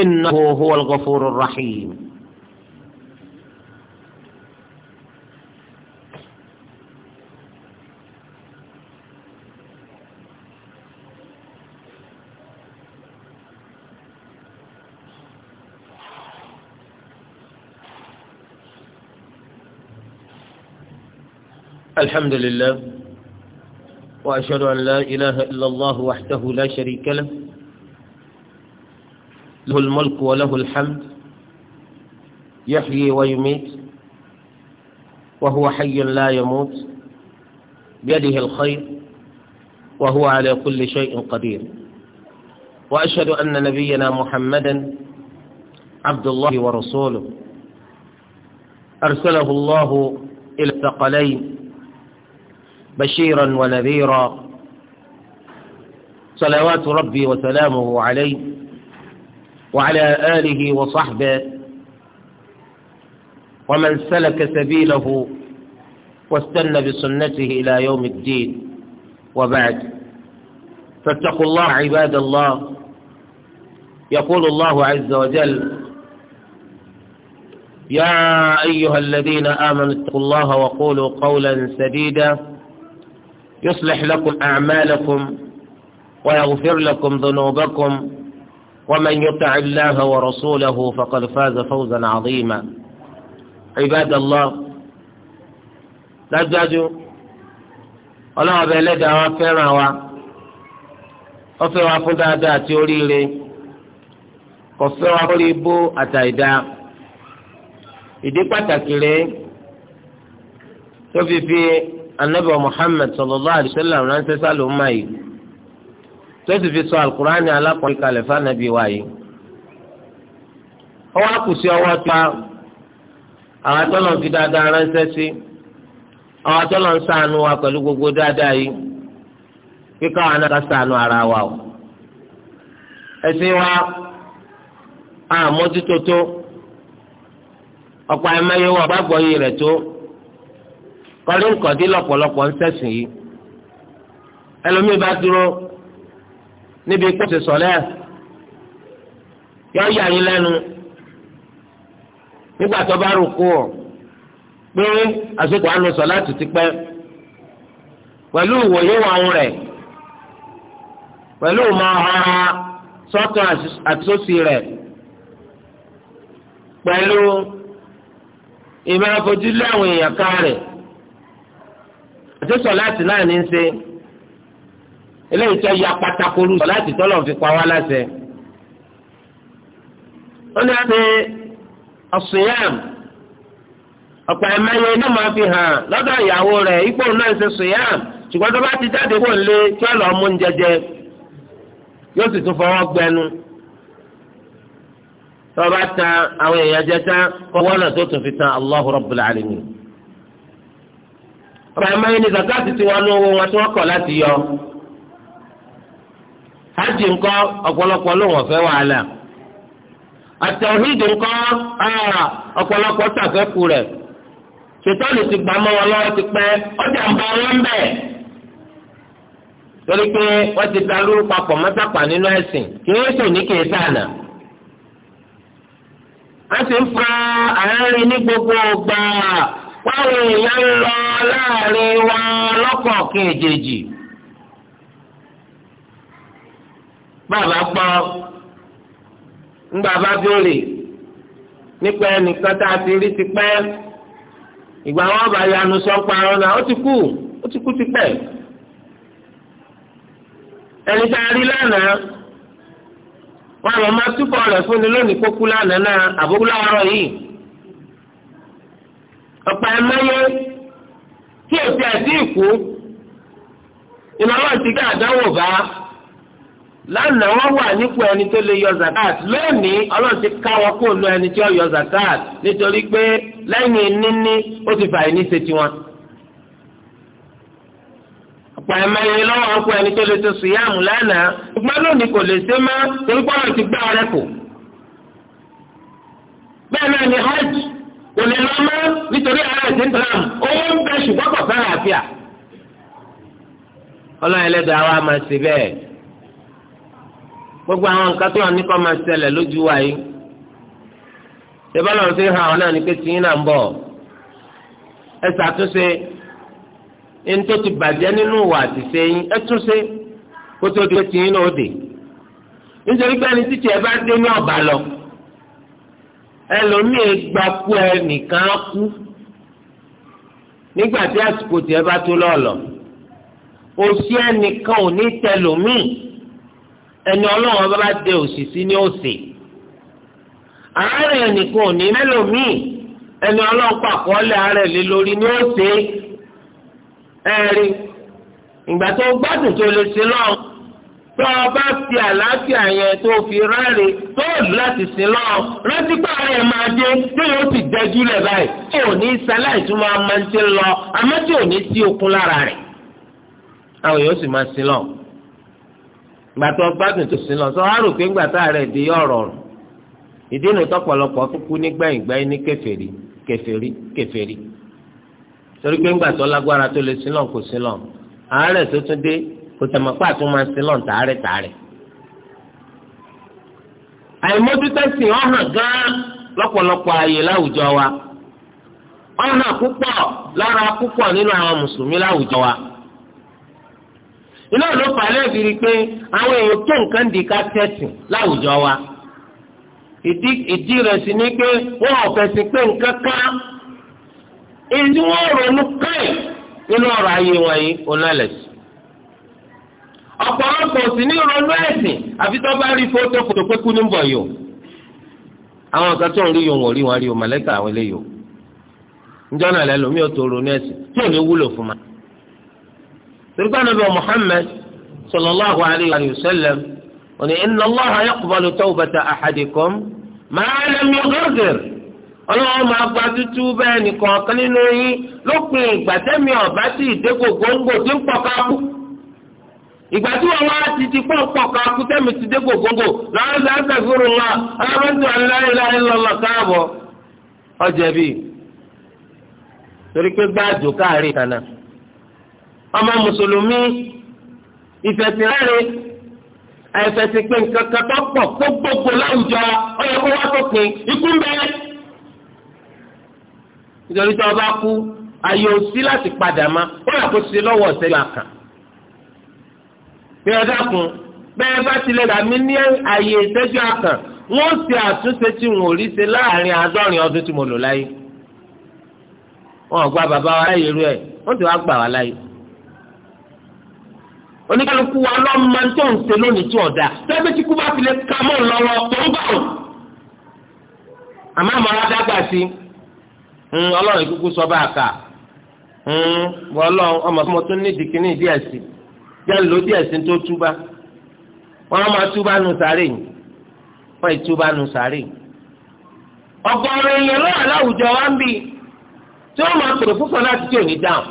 innahu huwal ghafurur rahim. الحمد لله وأشهد أن لا إله إلا الله وحده لا شريك له له الملك وله الحمد يحيي ويميت وهو حي لا يموت بيده الخير وهو على كل شيء قدير وأشهد أن نبينا محمدا عبد الله ورسوله أرسله الله إلى الثقلين بشيرا ونذيرا صلوات ربي وسلامه عليه وعلى آله وصحبه ومن سلك سبيله واستنى بسنته إلى يوم الدين وبعد فاتقوا الله عباد الله يقول الله عز وجل يا أيها الذين آمنوا اتقوا الله وقولوا قولا سديدا يصلح لكم أعمالكم ويغفر لكم ذنوبكم ومن يطع الله ورسوله فقد فاز فوزا عظيما عباد الله dájúdájú ọlọ́run ọba ẹlẹ́dàá wa fẹ́ràn wa ó fẹ́ wa fún dáadáa àti oríire kò fẹ́ wa lórí ibú àtàìdá ìdí pàtàkì rèé tó fi fi anabi muhammed sallallahu alayhi wa sallam ránṣẹ́ sálùmá yìí tó sì fi sọ alukur'ani alákùnrin kalẹ̀ fanabi wa yìí ọwọ́ àkùsí ọwọ́ ta àwọn atọ́nà fi gbogbo dada yi. Kika àwọn náà ká ara wa o ẹ̀sìn wa àmójútótó ọ̀pọ̀ ẹ̀mẹ́yẹwò ọ̀gbàgbọ́ kọrí nǹkan dín lọ́pọ̀lọpọ̀ ń sẹ̀sìn yìí ẹlòmíì bá dúró níbi kó ṣe sọ̀lẹ́ yọ yà yín lẹ́nu nígbà tó bá rúkú ọ̀ pé àsìkò àánú sọ láti ti pẹ́ pẹ̀lú ìwòye wọn rẹ̀ pẹ̀lú ìmọ̀ ọ̀hánà sọ́tún àtúnṣe rẹ̀ pẹ̀lú ìmọ̀ àfojúlé àwọn èèyàn kan rẹ̀. àti sọláàtì náà ní í ṣe eléyìí tó ya pátákóru sọláàtì tó lọ́n fi pa wá láṣẹ. ó ní àti ọ̀sùnyàm ọ̀pọ̀ ẹ̀mẹ́yẹ iná máa fi hàn lọ́dọ̀ ìyàwó rẹ̀ ipò náà ṣe sùnyàm ṣùgbọ́n tó bá ti jáde kó lé tí ó lọ́ọ́ mú ń jẹjẹ yóò sì tún fọwọ́ gbẹnu tó bá ta àwọn èèyàn jẹ tán kó ọba ẹ̀ma yẹn ni zakati ti wọn lówó wọn tí wọn kọ láti yọ. hajj ji nkọ ló wọ́n fẹ́ wàhálà. àtẹ̀wéèdì ńkọ́ ọ̀pọ̀lọpọ̀ sàfẹ́kù rẹ̀. ṣètọ́lù ti gbà mọ́ wọn lọ́wọ́ ti pẹ́ ọjà ń bá wọn bẹ̀. torí pé wọ́n ti da lórúkọ pọ̀ mọ́sàpá nínú ẹ̀sìn sùn ní sànà. a ń fa báwo èèyàn ń lọ láàrin wa lọ́kàn kejì. bàbá gbọ́ ńgbà bá béèrè nípa ẹnìkan tá a ti rí ti pẹ́ ìgbà wọn bá yanu sọ́pọ̀ àwọn náà ó ti kú ó ti kú ti pẹ́ ẹni tá a rí lánàá wọn àwọn máa túbọ̀ rẹ̀ fún ni lónìí kó kú lánàá náà àbúrò láàárọ̀ yìí. ọ̀pọ̀ ẹ̀mẹ́yẹ tí èsì àti ìkú ìnáwó ti ká bá lánàá wọn wà nípò ẹni tó lè yọ zakat lónìí ọlọ́run ti ká kó lu ẹni tí yọ zakat nítorí pé lẹ́yìn níní ó ti fà ní ṣe tiwọn. ọ̀pọ̀ ẹ̀mẹ́yẹ lọ́wọ́ ẹni tó lè tó sùyàmù lánàá ṣùgbọ́n lónìí kò lè ṣe torí pé ni hajj e lè lọ nitori nítorí ààrẹ ti ń tọ́lá ó ń bẹ ṣùgbọ́n kò fẹ́ àfíà. ọlọ́run ẹlẹ́dàá wa máa ṣe bẹ́ẹ̀ gbogbo àwọn nǹkan tó wà ní máa ṣẹlẹ̀ lójú wa yìí ti hàn pé tìyín náà ń bọ̀ ẹ ṣàtúnṣe ẹni tó ti bàjẹ́ nínú ìwà àtìṣe yín ẹ kó tó di pé tìyín náà dé nítorí ẹlòmíì gba kú ẹ nìkan kú nígbà tí àsìkò tiẹ̀ bá tó lọ́ọ̀lọ́ òsì ẹnìkan ò ní tẹlòmíì ẹni ọlọ́run bá dé òṣìṣì ní òsì àárẹ̀ ẹnìkan ò ní mẹ́lòmíì ẹni ọlọ́run pàkọ́ọ́lẹ̀ àárẹ̀ lé lórí ní òsì ẹ̀rí ìgbà tó gbádùn tó lè ṣe lọ́run tó o bá fi àlàáfíà yẹn tó o fi ráre tó o lù láti sin lọ rántí pé àwọn ẹ̀ máa dé tí yóò sì dẹjú lẹ̀ báyìí tí ò ní sáláì tó máa máa ń ti lọ àmọ́ tí ò ní sí okun lára rẹ̀ àwọn yóò sì máa sin lọ gbàtọ́ gbádùn tó sin lọ sọ wá rò pé gbàtà rẹ̀ di ọ̀rọ̀ rùn ìdí inú tọ̀pọ̀lọpọ̀ kúkú nígbẹ̀yìngbẹ̀yìn ní kèfèrí kèfèrí kèfèrí torí pé ńgbà lágbára tó lè sin lọ kò sin lọ àárẹ̀ tó tún dé kò tẹ̀mọ̀ pé àtún máa ń sin lọ́n tààrẹ̀ tààrẹ̀. àìmójútẹ́sì ọ̀hàn gan-an lọ́pọ̀lọpọ̀ ààyè láwùjọ wa ọ̀hàn púpọ̀ lára púpọ̀ nínú àwọn mùsùlùmí láwùjọ wa. iná ló fà lẹ́ẹ̀fi rí i pé àwọn èèyàn tó nǹkan di ká tẹ̀sìn láwùjọ wa. ìdí rẹ̀ sì ni pé wọ́n ò fẹ̀sìn pé nǹkan ká èyí wọ́n ronú káì nínú ọ̀rọ̀ ayé wọn yìí ọ̀pọ̀lọpọ̀ sì ní ronú ẹ̀sìn àfi tó bá rí fótó fòtò ní bọ̀ yìí o àwọn kan tó ń rí yòówó rí wọn rí o mọ̀lẹ́kà àwọn eléyìí o njọ́ náà lẹ́lòmíì ò tó ronú ẹ̀sìn tí ò ní wúlò fún ma. torí pé sallallahu alayhi wa sallam máa gba bẹ́ẹ̀ nìkan kan nínú yín lópin ọ̀bá ìgbà tí wọn wá ti ti pọ̀ pọ̀ ká kútẹ́mi ti dé gògóńgò lọ́wọ́ sá sàfúrù ńlá alábẹ́ntì aláìláì lọ́lọ́ káàbọ̀ ọjẹ́bí torí pé gbáàjò káàrí kaná ọmọ mùsùlùmí ìfẹ̀sìnrẹ́rẹ́ àìfẹ̀sìn pé nǹkan kan tó pọ̀ tó gbogbo láwùjọ ọyọ kó wá tó pin ikú ń bẹ. tí wọn bá kú ayé òsí láti padà má ó yà kó sí lọ́wọ́ ọ̀sẹ̀ yóò àkàn pé ẹ dákun bẹ́ẹ̀ bá tilẹ̀ rà mí ní ààyè ìtẹ́jú àkàn wọ́n ṣe àtúnṣe tí wọn rí ṣe láàrin àádọ́rin ọdún tí mo lò láyé wọn gba bàbá wa láyé irú ẹ̀ wọ́n ti wá gbà wá láyé oníkálukú wa lọ́mọ tó ń ṣe lónìí tí ọ̀dà tẹ́gbẹ́ tí kú bá fi lè ka mọ́ lọ́wọ́ tó ń bọ̀ àmọ́ àmọ́ wa dágbà sí ọlọ́run ìkúkú sọ bá a kà ọmọ tó ní ìdíkíní ìdí ẹ̀sìn jẹ́ ló díẹ̀ sí tó túbá wọ́n á máa túbá nu sáré yìí wọ́n yìí túbá nu sáré yìí. ọ̀gọ̀ọ̀rọ̀ èèyàn lọ́wọ́ láwùjọ wa ń bì tí wọ́n máa pèrè fúnfọ́ láti tí ò ní dáhùn.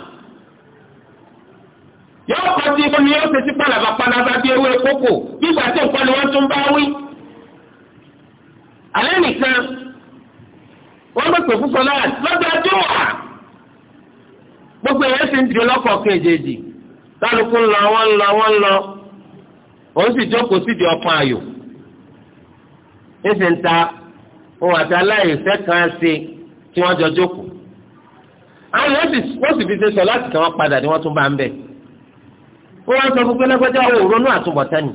yóò kọ́ sí ibi ni yóò ṣe sí pàlàbà pàlàbà bí ewé kókò bí ìgbà tí nǹkan ni wọ́n tún bá wí. àlẹ́ nìkan wọ́n pèpè fúnfọ́ láti lọ́dọ̀ àdúrà gbogbo èèyàn ti ń dìde lọ́kọ̀ọ̀kan èjèèjì kálukú ńlọ wọn ńlọ wọn ńlọ òun sì jókòó sídìí ọpọn ayò ẹsẹ̀ ń ta ohun àti aláìsẹ́ kan ṣe tí wọ́n jọ jókòó àwọn wọ́n sì fi ṣe sọ láti kàn wọ́n padà ni wọ́n tún bá ń bẹ̀ wọ́n wá sọ fún pé lẹ́gbẹ́jọ́ àwọn òrónú àtúbọ̀tán ni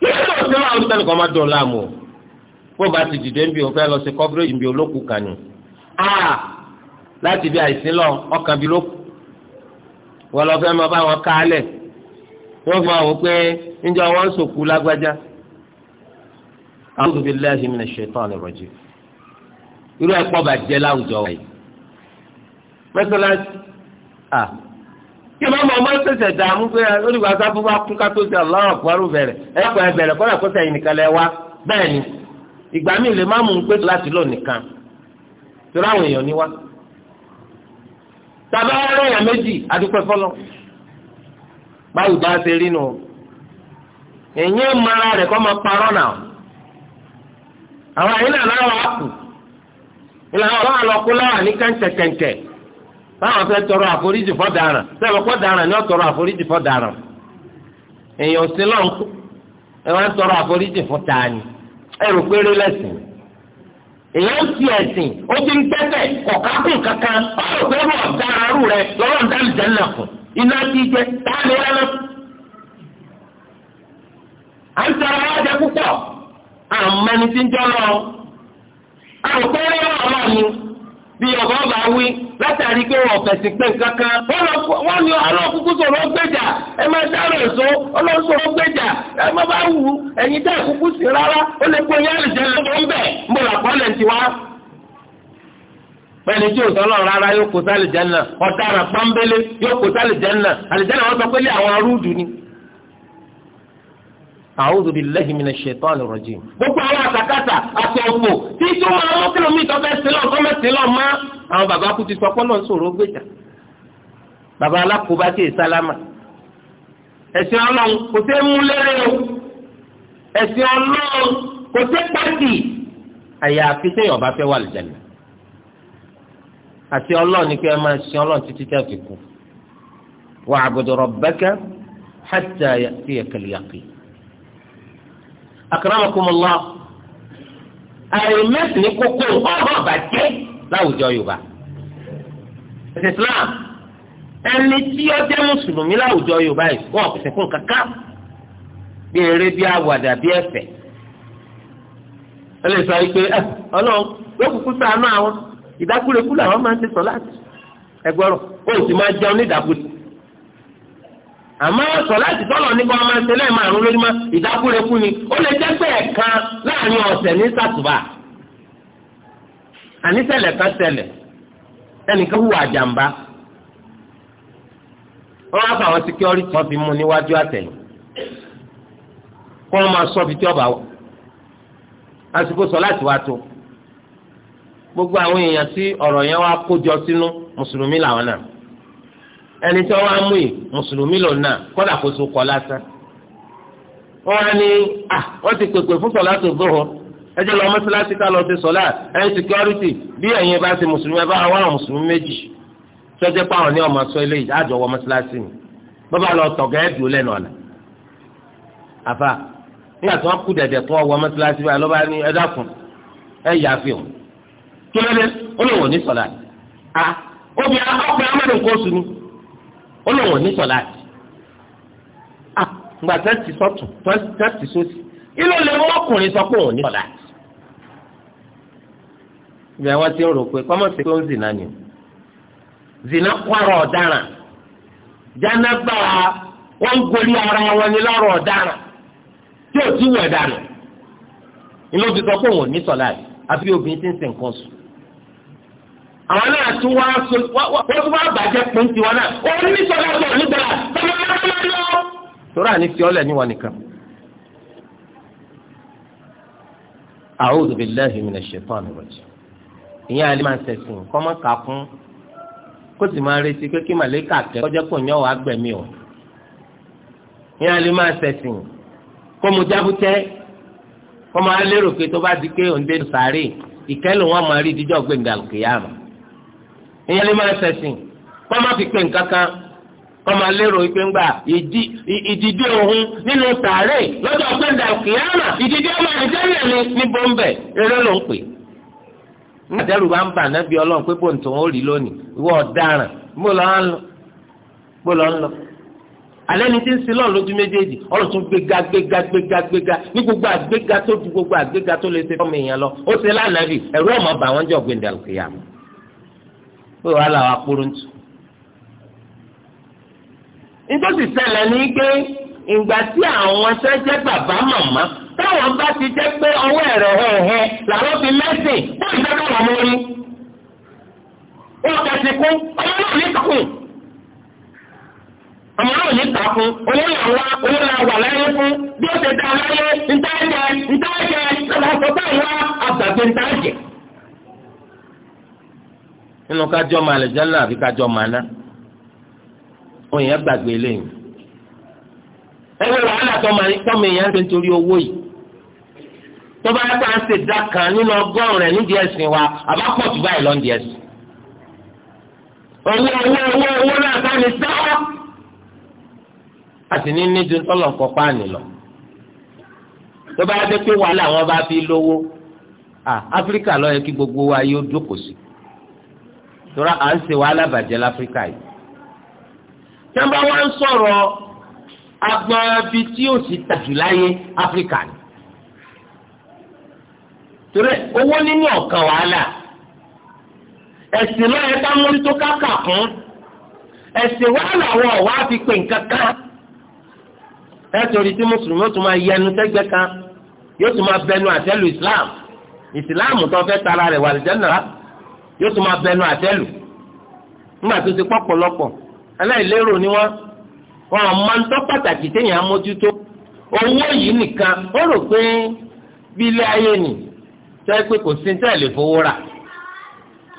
kí ló ń sọ àwọn olùtẹ́ni kan máa dùn láàmú o bó bá ti dìde ń o fẹ́ lọ sí kọ́bírèjì ń olókùú kan ni láti bí àìsí ọkàn bí lókùú wọ́n lọ fẹ́ bá wọn kálẹ̀ wọ́n fọ́ àwọn pé níjọ́ wọn ń sòkú lágbájá. a'udhu billahi minash shaitanir rajim. irú bàjẹ́ láwùjọ wa yìí. à kí ma ọmọ ṣẹ̀ṣẹ̀ dààmú pé olùkọ́ asáfún wa kú ká tó ṣe Allahu bẹ̀rẹ̀ ẹ̀kọ́ ẹ bẹ̀rẹ̀ nìkan lẹ wá bẹ́ẹ̀ ni ìgbà míì lè má mú un pé láti lò nìkan tàbá rẹ̀yàn méjì adúpẹ́ fọlọ́ báwo bá ṣe rí nu èyàn mara rẹ̀ kọ́ máa parọ́ náà àwọn àyìn náà láwọn àpò ìlànà ọ̀rọ̀ àlọ́kú láwà ní kẹ́ńtẹ̀kẹ́ńtẹ̀ báwọn fẹ́ tọrọ àforíjì fọ́daràn sẹ́wọ̀n pọ́daràn ni ó tọrọ àforíjì fọ́daràn èèyàn sí lọ́nkú ẹ wá ń tọrọ àforíjì ẹ rò péré lẹ́sìn èyàn ti ẹ̀sìn ó ti ń tẹ́tẹ̀ kọ̀ọ̀kákùn kankan ọ̀rọ̀ rẹ lọ́wọ́ ń dáhùn na fún iná ti jẹ táàmì rárá. à ń sọ ara púpọ̀ àmọ́ ẹni bí ọba ọba wí látàrí pé wọn fẹsẹ̀ pé kankan wọn ni ọlọ́kùnkùn sọ̀rọ̀ gbèjà ẹ máa dárò èso ọlọ́kùnkùn sọ̀rọ̀ gbèjà ẹ má bá wù ẹ̀yin dá ìkúkú sí rárá ó lè kó yálì lọ́wọ́ wá. pẹ̀lú tí òsán náà rárá yóò kó jẹ́ náà ọ̀daràn yóò kó jẹ́ náà a'udhu billahi minash shaitanir rajim. gbogbo àwọn àtàkàtà àti ọ̀pọ̀ tí tó máa mú kìlómítà fẹ́ sílọ̀ gọ́mẹ̀ sílọ̀ mọ́ àwọn bàbá kú ti sọ pé náà sòrò gbèjà bàbá alákòóbá tí ì sálámà ẹ̀sìn ọlọ́run kò sí mú lérè o ẹ̀sìn ọlọ́run kò sí pàtì àyàfi téèyàn bá fẹ́ wà lìjàlẹ̀ àti ọlọ́run ni pé akramakumullah àìmẹ́sì ní kókó ọ̀rọ̀ bàjẹ́ láwùjọ yorùbá ẹ̀sìn islam ẹni tí ó jẹ́ mùsùlùmí láwùjọ yorùbá yìí wọ́n àpèsè fún kankan bí eré bí àwàdà bí ẹ̀fẹ̀ ẹ lè sọ wípé ẹ ah, ọlọ́run yóò kúkú ṣàánú àwọn ìdákúrekú làwọn máa ń ṣe sọ láti ẹgbọ́rọ̀ ó sì máa jẹun ní ìdákúrekú àmọ́ sọ̀láàtì tọ́lọ̀ nípa ọmọ ẹsẹ̀ lẹ́ẹ̀ márùn lójúmọ́ ìdákúrekú ni ó lè jẹ́ pé ẹ̀kan láàrin ọ̀sẹ̀ ní sàtúbà àníṣẹ̀lẹ̀ kan ṣẹlẹ̀ ẹnìkan hùwà àjàmbá wọ́n wá fáwọn security wọ́n fi mú níwájú àtẹ̀yìn kó wọ́n máa sọ ibi tí ọba wọ̀ àsìkò sọ̀láàtì wa tó gbogbo àwọn èèyàn tí ọ̀rọ̀ yẹn wá kó jọ sínú mùsùlùmí làwọn náà ẹni tí wọ́n á mú yìí mùsùlùmí lòun náà kọ́dà kó so kọ́ lásán. wọ́n á ní à ah, wọ́n ti pèpè fún sọ̀lá tó gbóhùn ẹ jẹ́ lọ mọ́sálásí ká lọ sí sọ̀lá ẹ̀yìn security bí ẹ̀yin bá ti mùsùlùmí ẹ bá wà àwọn mùsùlùmí méjì sọ́jẹ́ pàwọn ní ọmọ sọ eléyìí àjọ wọ mọ́sálásí ni bọ́bá lọ tọ̀gẹ́ ẹ̀ dùn lẹ́nu ọ̀nà. àfa nígbà tí wọ́n kú dẹ̀dẹ̀ kọ́ wọ mọ́sálásí báyìí lọ́ba ní ẹ dákun ẹ yàáfin o kí ló ó lè wọ̀ ní sọ̀lá. à obìnrin ọkùnrin amẹ́rin ó ní sọ̀láàtì ah tẹ́tì sọ́tún tẹ́tì sósì ilé lè wọ́kùnrin sọ pé òun ní sọ̀láàtì. ibi àwọn tí ń rò pé kọ́mọ̀sí pé ó ń zìnà ni o zìnà kọ́rọ̀ ọ̀daràn jánábà wọ́n ń gorí ara wọn ní lọ́rọ̀ ọ̀daràn tí ò tí wọ̀ dànù ilé sọ pé òun ní sọ̀láàtì obìnrin ti ń àwọn náà tún wá wọ́n tún wá bàjẹ́ pín tiwọn náà òun ní sọ́dọ̀ ọ̀sẹ̀ onígbàlá tọ́lọ́lọ́lọ́lọ́. sọ́dọ̀ àní fi ọlẹ̀ níwọ̀n nìkan. a'udhu billahi minash shaitani rajim. ìyẹn àlè máa ń sẹ̀sìn kọ́mọ́ kà fún kó sì máa retí pé kí màlẹ́kà kẹ́ kọjá kò ní ọ̀wá gbẹ̀mí o. ìyẹn àlè máa sẹ̀sìn kó mo jábútẹ́ kó máa lérò pé tó bá di pé òǹdé sàárè ìkẹ́lù wọn máa rí ìdíjọ́ gbẹ̀ngàn ìyẹn lè máa ṣẹ̀sìn kọ́ máa fi pé nǹkan kan kọ́ máa lérò ńgbà nínú lọ́jọ́ ọmọ ni ní bọ́m̀bẹ̀ eré ló ń pè. àdẹ́rù bá ń bà ọlọ́run pé bò ń tó rí lónìí ń lọ alẹ́ ni tí ń sin lójú méjèèjì ọ̀rọ̀ tún gbéga gbéga gbéga gbéga ní gbogbo àgbéga tó ju gbogbo àgbéga tó lọ ó lánàá bì ọ̀mọ̀ pé wàá làwọn akpóróntù. nítòsí si ní pé ìgbà tí àwọn sẹ́jẹ́ bàbá màmá táwọn bá ti jẹ́ pé ọwọ́ ẹ̀rọ ẹ̀hẹ́ làwọn fi mẹ́sìn fún ìdájọ́ àwọn ọmọ orí. wọ́n kẹsì ọmọ náà ní ọmọ náà ní láyé fún bí ó ṣe dá láyé lọ́wọ́ àgbàgbé nínú kájọ́ máa lè jẹ́nà àbí kájọ́ máa ná òyìn ẹ gbàgbé eléyìí ẹgbẹ́ wàhálà tọ́mọ èèyàn ṣe ń torí owó yìí tó bá yàtọ̀ à ń ṣe dá kan nínú ọgọ́rùn-ún rẹ̀ nídìí ẹ̀sìn wa àbá pọ̀ jù báyìí lọ́ndìí ẹ̀sìn owó owó owó owó náà ká ní sáwọ́ àti ní nídìí tọ́lọ̀ nǹkan páàní lọ tó bá yàtọ̀ pé wàhálà wọn bá fi lówó Áfíríkà ló kí gbogbo wa yóò jókòó sí i tora à ń ṣe wàhálà bàjẹ́ láfíríkà yìí. tẹ́ńbà wá ń sọ̀rọ̀ agbọ́nbi tí ó sì tàjù láyé áfíríkà ni. torí owó nínú ọ̀kan wàhálà ẹ̀sìn náà ẹ̀ka mójútó káàkà fún ẹ̀sìn wàhálà wọn ọ̀wá fi pè nǹkan kan. ẹ̀sọ̀rì tí mùsùlùmí ó tún máa yẹnu sẹ́gbẹ́ kan yóò tún máa bẹnu àtẹ́lu islam ìsìláàmù tó fẹ́ tara rẹ̀ wà yóò tún máa bẹnu àtẹ́lù nígbà tó ti pọpọlọpọ pọ̀lọpọ̀ aláìlérò ni wọn wọn máa ń tọ́ pàtàkì téèyàn amójútó owó yìí nìkan ó rò pé bí ilé ayé nì sẹ́yìn pé kò sí tẹ́ lè fowó rà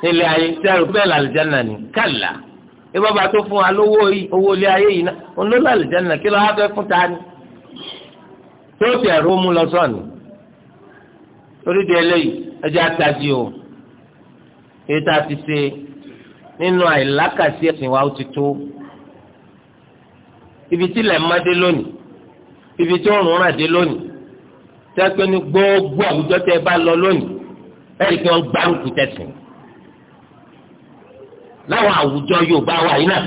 ilé ayé làlùjáná ni kàlà tó fún wa lówó owó ilé ayé yìí náà òun ló làlùjáná kí wá fún ta ni tó tẹ̀ mú o. èyí tá a ti ṣe nínú àìlákàsí ẹ̀sìn wa ó ti tó ibi tí ilẹ̀ má dé lónìí ibi tí òòrùn rà dé lónìí tẹ́pẹ́ ní gbogbo àwùjọ tẹ́ ẹ bá lọ lónìí ẹ̀rí kí wọ́n gbárùkù tẹ̀sìn láwọn àwùjọ Yorùbá wa yìí náà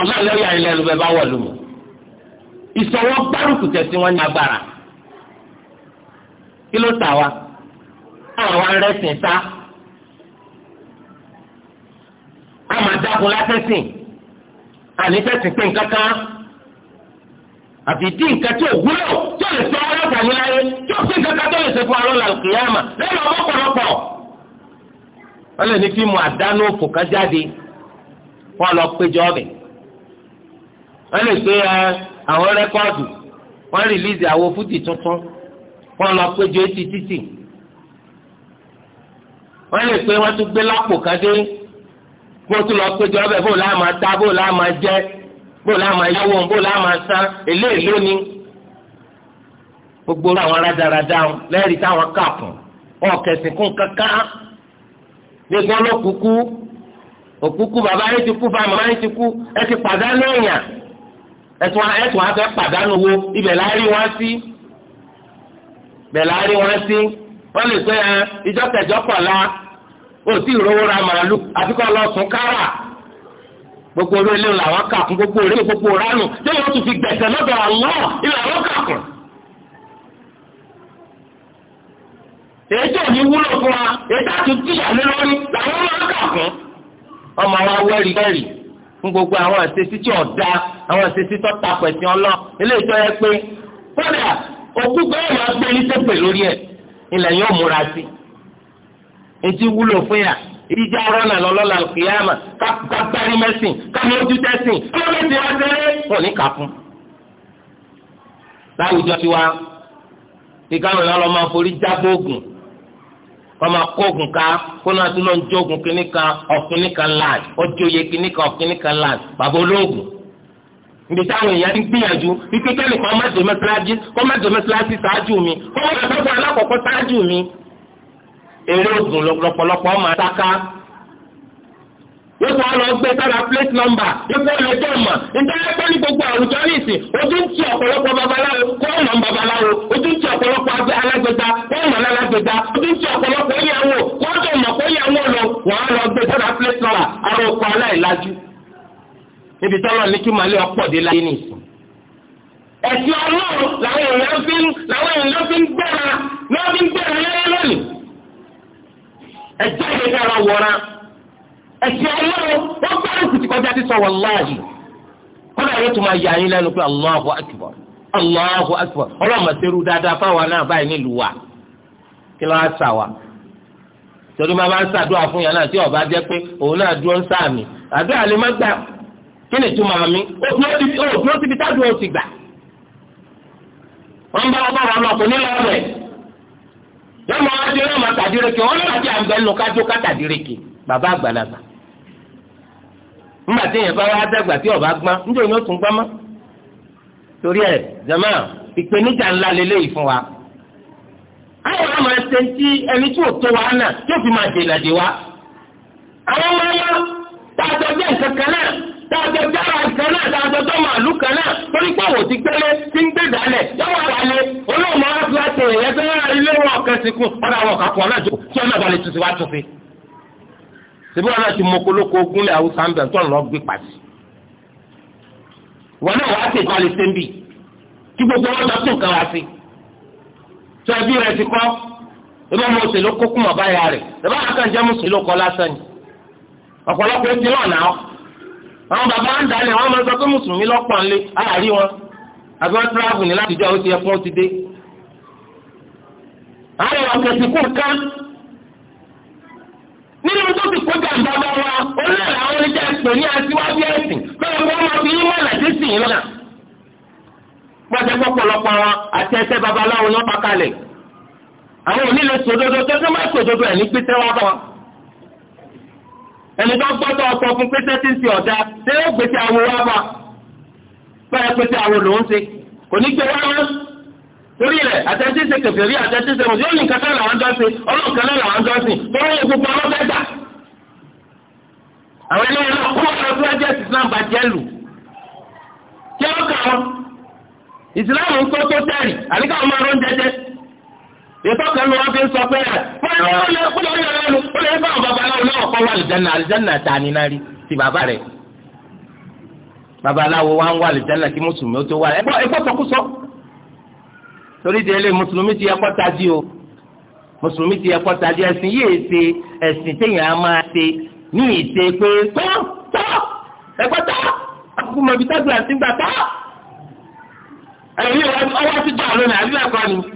ọlọ́ọ̀lẹ́ ọ̀yà ilẹ̀ ló bẹ bá wọ̀ lómi ìsọwọ́ gbárùkù tẹ̀sìn wọn ní agbára kí ló tà wá àwọn arẹ́sìn sá. dákun lásẹ̀sìn ànítẹ̀sìn pé nǹkan kan dín nǹkan tí ò wúlò tí ò lè sọ ọ́ lọ́sàn-án láyé tí ò sí nǹkan tó lè ṣe fún lẹ́nu ní fíìmù àdánù jáde péjọ ọbẹ̀ wọ́n lè àwọn rẹ́kọ́ọ̀dù wọ́n rìlíìsì àwọn fújì tuntun péjọ etí bó tún lọ péjọ ọbẹ̀ bó láà máa ta bó láà máa jẹ bó láà máa yáwó bó láà máa san èlé èlé ni gbogbo àwọn rádaràdà lẹ́rìí táwọn kàkùn ọ̀kẹ́sìn kún kankan gbogbo ọlọ́kùkú òkùkú bàbá yẹn ti kú bàmá yẹn ti kú ẹ ti pàdánù èèyàn ẹtù ẹtù afẹ́ pàdánù wo ibẹ̀ láàrí wọn sí ibẹ̀ láàrí wọn sí wọ́n lè pé ẹ ìjọ kẹjọ kọ̀la o ti rówó ra màálù àti kọ́ lọ sùn gbogbo orí ilé làwọn kà gbogbo orí gbogbo ránù tí wọ́n tún fi gbẹ̀sẹ̀ lọ́dọ̀ àwọn ilé àwọn kà kún. ètò òní wúlò fún wa ètò àtúntìyà lé lórí làwọn máa kà kún. ọmọ wa wẹ́rì wẹ́rì gbogbo àwọn àṣetí tí àwọn àṣetí tó ta pẹ̀sì ọlọ́ ilé ìtọ́ pé kódà òkú gbọ́dọ̀ máa gbé ní sẹ́pẹ̀ lórí ẹ̀ ilẹ̀ i. etí wúlò fún yà ìdíjà rọ́nà lọ́lọ́lá kìyàmà kápẹ́rì mẹ́sìn kámi ojú tẹ́sìn ọlọ́mẹ́sìn wá sẹ́rẹ́ wọn ní kàfún. láwùjọ ti wá bí káwọn èèyàn lọ máa forí jábọ̀ oògùn wọ́n máa kó oògùn ká kó náà tún lọ ń jó oògùn kínní kan ọ̀kínní kan láàd ọjọ́ oyè kínní kan ọ̀kínní kan láàd bàbá olóògùn ibi táwọn èèyàn ti gbìyànjú wípé kẹ́nìkan má dé mẹ́sàlájì kó ṣáájú mi kó má dé alákọ̀ọ́kọ́ ṣáájú mi eré oògùn lọ́pọ̀lọpọ̀ ọmọ àtàkà yóò sọ àlọ́ gbé sára plate number yóò fẹ́ lọ jọ ọmọ nítorí pé ní gbogbo àwùjọ ní ojú ti ọ̀pọ̀lọpọ̀ babaláwo kó babaláwo ojú ti ọ̀pọ̀lọpọ̀ alágbèta kó alágbèta ojú ti ọ̀pọ̀lọpọ̀ ìyàwó kó ọmọ kó lọ wọ́n lọ gbé sára plate number ara oko aláìlájú. níbi tọ́lọ̀ ní kí màálé ọ̀pọ̀ dé láyé ní ẹ̀sìn ọlọ́run làwọn èèyàn fi ń gbẹ́ra ẹjọ́ yẹn ní ara wọ̀ra ẹ̀sìn ọlọ́run wọ́n bá kọjá ti sọ kọ́nà yóò tún máa yà yín lẹ́nu pé ọlọ́run dáadáa fáwọn náà báyìí nílùú wa kí ló wá sà wá torí máa bá ń sàdúrà fún yàrá tí ọba pé òun náà dúró ń àdúrà lè má gbà kí ni tá a dúró ti gbà wọ́n bá wọn bá wọn lọ yóò máa wájú yóò máa tàdíreke wọn náà ti àgbẹ̀ lọ kájú ká tàdíreke bàbá àgbàlagbà nígbà tí èèyàn bá wá dàgbà tí ọba gbọ́n níjẹ́ òun yóò tún gbọ́n mọ́ torí ẹ̀ jama ìpèníjà ńlá lélẹ́yìí fún wa àwọn ọmọ ẹsẹ̀ tí ẹni tí ò tó wa náà yóò fi máa dènà dè wa àwọn ọmọ wa tá a jọ jẹ́ nǹkan kan náà tààjọ jára kan náà tààjọ tó màálù kan náà torí pé òwò ti gbélé ti ń gbèdà lẹ̀ yọ̀wọ̀ àlẹ́ olóòmọ wá fi àti èèyàn tó rà ilé wọn ọ̀kẹ́ sí kún ọ̀dà àwọn ọ̀kà kan náà jò tí wọn náà balẹ̀ tuntun wá tún fi. síbí wọn náà ti mọ kolóko ogunlẹ̀ haúsá ń bẹ̀ tó ń lọ gbé pàṣẹ. wọn náà wàá ṣètò alẹ́ sẹ́ńbì kí gbogbo wọn tó nǹkan wá sí. tó ẹbí rẹ ti kọ́ ebi ọmọ òṣèlú kókùmọ̀ báyà àwọn bàbá ń dalẹ̀ wọ́n máa sọ pé mùsùlùmí lọ́pọ̀ ńlẹ̀ àárí wọn àbí wọ́n tíráàbù ní láti jẹ́ oṣù ẹ̀kún ti dé. àwọn ọ̀rọ̀ kẹ̀sì kù ká nínú tó ti kó jàǹdà bá wa olóòrè àwọn oníjà ẹ̀sìn ní aṣíwájú ẹ̀sìn bẹ́ẹ̀ wọ́n máa fi yín mọ̀nà sí sìn lọ́nà. pọ́sẹ̀ pọ̀pọ̀lọpọ̀ wọn àti ẹsẹ̀ babaláwo ni wọ́n pa kalẹ̀ àwọn onílé sòdodo tó tó má sòdodo ẹ̀ ní pípẹ́ wọn bá wọn ẹni tó gbọ́dọ̀ ọkọ̀ fún pété tí ń ti ọ̀dà ṣé ó gbèsè àwò wá bá báyà pété àwò lòún ṣe kò ní gbé wá wá torí rẹ̀ àtẹ̀tí ṣe kẹfẹ́ rí àtẹ̀tí ṣe mọ̀ sí òní kankan làwọn jọ ṣe ọlọ́ọ̀kan náà làwọn jọ ṣe tó wọ́n yẹ gbogbo ọlọ́fẹ́ gbà. àwọn ẹni náà kó ọ̀rọ̀ project islam bàjẹ́ lù kí ọkàn ìsìláàmù ń kó tó tẹ̀rì àníkà ọmọ ọrọ̀ ń jẹjẹ́ ìtọ́ka ló wọ́n fi ń sọ pé ẹ̀ wọ́n lọ wọ́n lọ wọ́n lọ wọ́n lọ wọ́n lọ bá àwọn babaláwo náà kọ́ wà lìjánà àlìjánà ta ni náà rí ti bàbá rẹ̀ babaláwo wá ń wà lìjánà kí mùsùlùmí ó tó wà ẹ̀kọ́ ẹ̀kọ́ sọkúsọ torí di ẹlẹ́ mùsùlùmí ti ẹ̀kọ́ tají o mùsùlùmí ti ẹ̀kọ́ tají ẹ̀sìn yìí ṣe ẹ̀sìn téèyàn á máa ṣe ní ìṣe pé tọ́ tọ́ ẹ̀kọ́ tọ́ àkókò mọ̀bí tábìlì àti gbà tọ́ ẹ̀yìn ọwọ́ ti dà lónìí àbí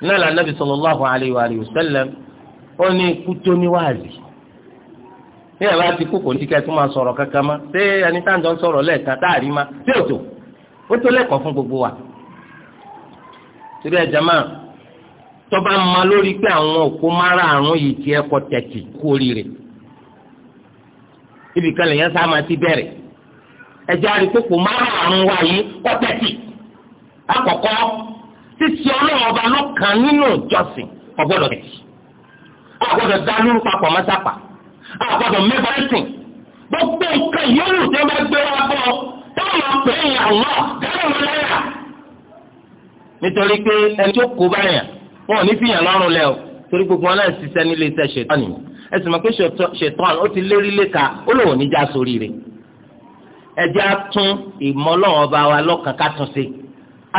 náà la nabi sallallahu alayhi wa sallam ó ní ikú ni níwáàzì ní ti kú ní kíkẹ́ tó máa sọ̀rọ̀ kankan mọ́ ṣé ẹni tá à ń jọ sọ̀rọ̀ lẹ́ẹ̀kan tá à rí ma ṣé tó lẹ́kọ̀ọ́ fún gbogbo wa. siri ẹja tọ́ba ma lórí pé àwọn òkú márààrún yìí ti ẹ̀kọ́ tẹ̀tì kú oríire ibi kan lèyàn sá ti bẹ̀rẹ̀ títí ọlọ́run ọba ló kàn nínú ìjọsìn ọgbọ́dọ̀ tẹ̀sí àgbọ́dọ̀ dá lóru papọ̀ mọ́sápà àgbọ́dọ̀ mẹ́fà ẹ̀sìn gbogbo nǹkan yòówù tí wọ́n bá gbé wá bọ́ táwọn pè é àwọn dáhùn lẹ́yà. nítorí pé ẹni tó kó báyà wọn ò ní fìyàn lọ́rùn lẹ́ o torí gbogbo wọn náà ṣiṣẹ́ nílé iṣẹ́ ṣètọ́n ni ẹ sì mọ̀ pé ṣètọ́n ó ti lérí léka ó lòun ò ní já sórí rẹ̀ ẹ á tún ìmọ̀ ọlọ́run ọba wa lọ́kàn ká tún ṣe.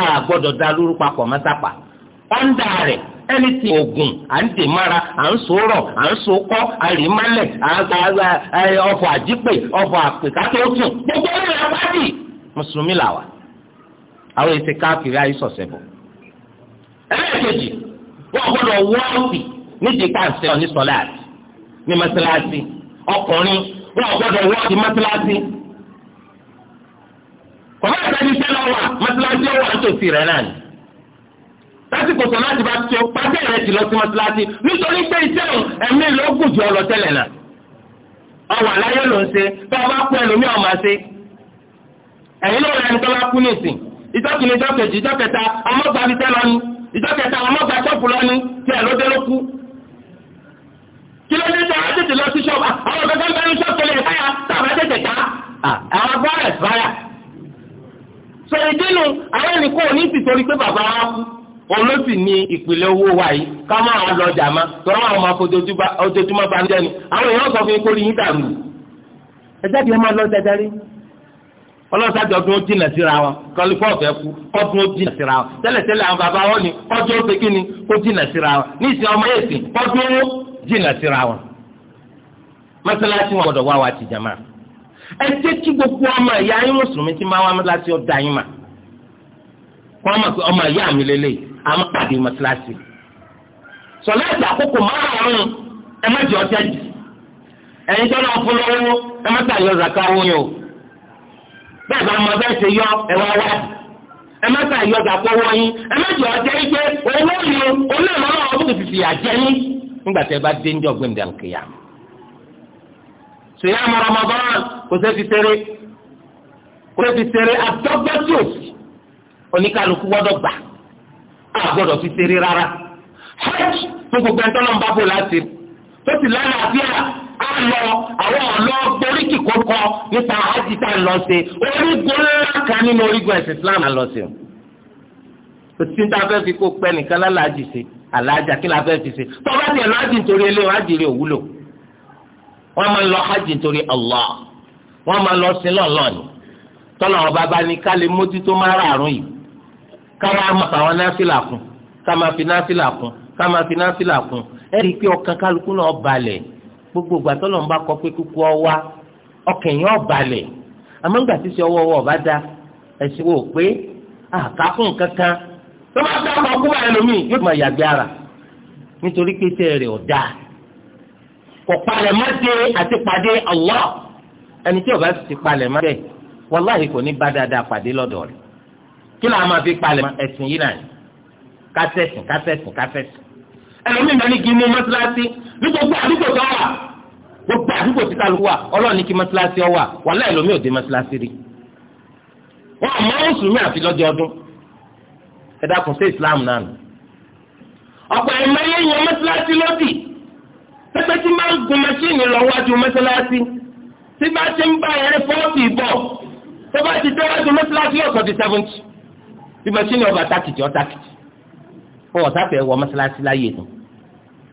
a gbọ́dọ̀ da lóru papọ mọ́sápà ẹni tí oògùn à ń dè mára à ń sòrọ̀ à ń sokọ́ àrímálẹ̀ ọ̀fọ̀ àjípè ọ̀fọ̀ àpèkátótùn gbogbo ẹ̀rọ àwádì mùsùlùmí làwà àwọn èsì káàkiri àìsọ̀sẹ̀ bọ̀ ẹlẹ́ẹ̀kejì wọ́n gbọ́dọ̀ wọ́ọ̀sì nídìí pàṣẹ ọ̀ní sọ́láàtì ní mọ́sálásí ọkùnrin wọ́n gbọ́dọ̀ wọ́ọ̀sì mọ́sálásí kọ̀mọ́ ìdájí sẹ́lá wà mọ́tíláṣí ọwọ́ àtòsí rẹ̀ náà ni. lásìkò sọ láti bá tó pàṣẹ rẹ̀ ti lọ sí mọ́tíláṣí nítorí pé iṣẹ́ òun ẹ̀mí ló gùn jù ọ lọ tẹ́lẹ̀ náà. ọwọ́ àláyé ló ń ṣe tó o bá kú ẹlòmíì ọmọ ṣe. ẹ̀yin ló rẹ̀ nítorí kú nìsín ìtọ́kìnrin ìtọ́kẹ̀jì ìtọ́kẹta ọmọgbà fi tẹ́ lọ ni ìtọ́kẹta ọmọgbà ṣọ́ọ̀pù lọ ni tí ẹ̀ ló dé ló kú. kí ló dé tó a tètè lọ sí ṣọ́ọ̀bù àwọn ọ̀gá so ìdínú àwọn ẹnìkan ní sì pé bàbá wa kú ìpìlẹ̀ owó wa yìí ká má lọ ọjà má tọ́lá àwọn ọmọ ojoojúmọ́ bá ń àwọn èèyàn sọ fún yín kó rí yín ẹ jáde ẹ máa lọ ọjà darí ó jìnà síra wọn kọlifọ́ ọ̀fẹ́ kú ó jìnà síra wọn tẹ́lẹ̀tẹ́lẹ̀ àwọn bàbá wọn ni ó ọmọ yẹn sìn ó jìnà síra wọn. mọ́sálásí wọn gbọ́dọ̀ wá wa ẹ jẹ́ kí gbogbo ọmọ ìyá yín mùsùlùmí ti máa wá mọ́tíláṣí ọ̀dà yín mà wọ́n mọ̀ pé ọmọ ìyá mi lélẹ̀ àmọ́ pàdé mọ́tíláṣí sọlá ìgbà àkókò márùn ẹ má jẹ́ ọjà jù ẹ̀yin tó náà fún ẹ má owó yẹn o bá ọmọ ṣe yọ ẹ wá wá ẹ má owó ẹ má ọjà pé olóòlù sèyá mu Ramadan kò sẹ́ fi sẹ́rẹ́ kò sẹ́ fi sẹ́rẹ́ àdọ́gba tí o sì oníkàlùkù gbọ́dọ̀ gbà á gbọ́dọ̀ fi sẹ́rẹ́ rárá hajj fún gbogbo ẹ̀ńtọ́ lọ́n bá bò láti tó sì lálàáfíà á lọ àwọn ọ̀lọ́ gboríkì kókó nípa hajj tá a lọ sí orígun ńlá kan nínú orígun ẹ̀sìn Islam lọ sí o kò sí ní ta fẹ́ fi kó pẹ́ nìkan lálàájì sí àlàájà kí la fẹ́ fi sí tọ́ bá tiẹ̀ lọ́ wọ́n máa ń lọ hajj torí Allah wọ́n máa ń lọ sí lọ́ọ̀lọ́ọ̀ ni ọba bá ní ká lè mójútó márààrún yìí ká máa mọ̀ àwọn náfìlà kún ká máa fi náfìlà kún ká máa fi náfìlà kún pé gbogbo ìgbà kọ pé kúkú ọwá ọkàn yẹn àmọ́ kò palẹ̀ má dé àti pàdé ẹni tí ọba ti palẹ̀ má dé wàláhì kò ní bá dáadáa pàdé lọ́dọ̀ rẹ̀ kí máa fi palẹ̀ má yìí náà kásẹ̀sìn kásẹ̀sìn kásẹ̀sìn ẹlòmíì náà ní kí mú mọ́tíláṣí ní gbogbo àdúgbò tó wà gbogbo àdúgbò tí kálukú wà kí mọ́tíláṣí ọ wà wàláhì ò dé mọ́tíláṣí rí wọn àmọ́ mùsùlùmí àfi lọ́jọ́ ọdún ẹ dákun sí Islam náà ọ̀pọ̀ pẹ́pẹ́ tí máa ń gun mẹ́ṣíìnì lọ wájú mẹ́ṣáláṣí tí bá ti ń bá ẹrẹ́ fọ́ọ̀tì bọ̀ tó bá ti dẹ́wájú mẹ́ṣáláṣí ọ̀sán di sẹ́fúntì tí mẹ́ṣíìnì ọba tákìtì ọ́ tákìtì ó wọ́n wọ mẹ́ṣáláṣí láyé nù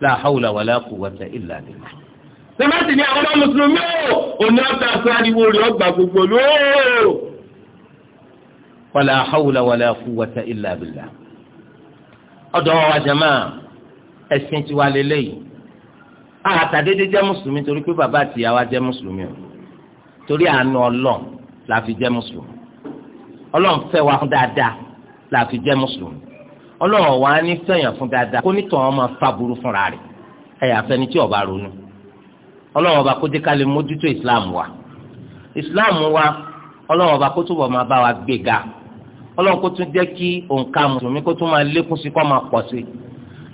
la hawla wala quwwata illa billah. ni àwọn mùsùlùmí ò òní ọ̀tá sáríwó rẹ̀ ọgbà gbogbo lóòó wala hawla àtàdédé jẹ́ mùsùlùmí torí pé bàbá àti ìyá wa jẹ́ mùsùlùmí o torí àánú ọlọ́run la fi jẹ́ mùsùlùmí ọlọ́run fẹ́ wa fún dáadáa la fi jẹ́ mùsùlùmí ọlọ́run wa ní fẹ́yàn fún dáadáa kó nítàn ọmọ fàbùrù fúnra rẹ̀ ẹ̀yà fẹ́ni tí ọba ronú ọlọ́run ọba kó dé ká mójútó ìsìláàmù wa ìsìláàmù wa ọlọ́run ọba kó túbọ̀ máa bá wa gbéga ọlọ́run kó tún jẹ́ kí òǹkà mùsùlùmí kó tún máa lékún sí kó máa pọ̀ sí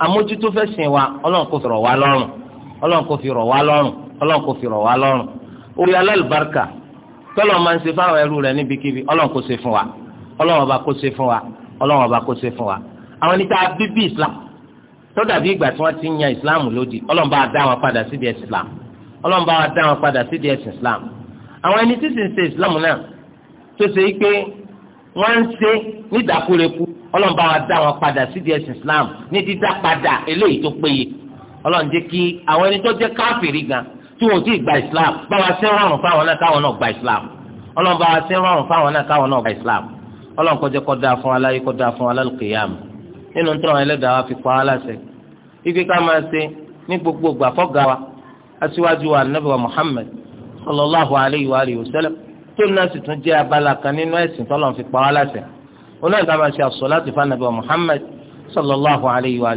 àmójútó fẹ́sìn wa ọlọ́run kó sọ̀rọ̀ wa lọ́rùn ọlọ́run kò fi rọ̀ wá lọ́rùn ọlọ́run kò fi rọ̀ wá lọ́rùn orí alálùbáríkà tọ́lọ̀ máa ń ṣe fáwọn ẹrú rẹ̀ níbikíbi ọlọ́run kò ṣe fún wa ọlọ́run ọba kò ṣe fún wa ọlọ́run ọba kò ṣe fún wa àwọn níta bíbí islam tó dàbí ìgbà tí wọ́n ti ń yan islam lódì ọlọ́run bá dá wọn padà sí díẹ̀ islam ọlọ́run bá dá wọn padà sí díẹ̀ islam àwọn ẹni tí ń ṣe islam náà tó ṣe é pé wọ́n ń ṣe nídàkúrekú ọlọ́run bá dá wọn padà sí díẹ̀ islam ní dídá padà eléyìí tó péye ọlọ́run jẹ́ kí àwọn ẹni tó jẹ́ káfìrí gan tí wọn ò tí ì gba islam báwa ṣe ń rọrùn fáwọn náà káwọn náà gba islam ọlọ́run báwa ṣe ń rọrùn fáwọn náà káwọn náà gba islam ọlọ́run kó jẹ́ kó dáa fún aláyé kó dáa fún alálùkìyàmù nínú tí àwọn ẹlẹ́dàá wa fi pa á láṣẹ ibi ká máa ṣe ní gbogbo ìgbà fọ́gà wa aṣíwájú wa ànábì wa muhammed sallallahu alayhi wa alihi wa sallam tó náà sì tún jẹ́ abala kan nínú ẹ̀sìn tọ́lọ́run fi pa á láṣẹ onáà ká máa ṣe àṣọ láti fún ànábì wa sallallahu alayhi wa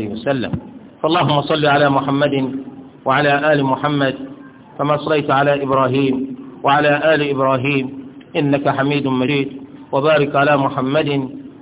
فاللهم صل على محمد وعلى آل محمد كما صليت على إبراهيم وعلى آل إبراهيم إنك حميد مجيد وبارك على محمد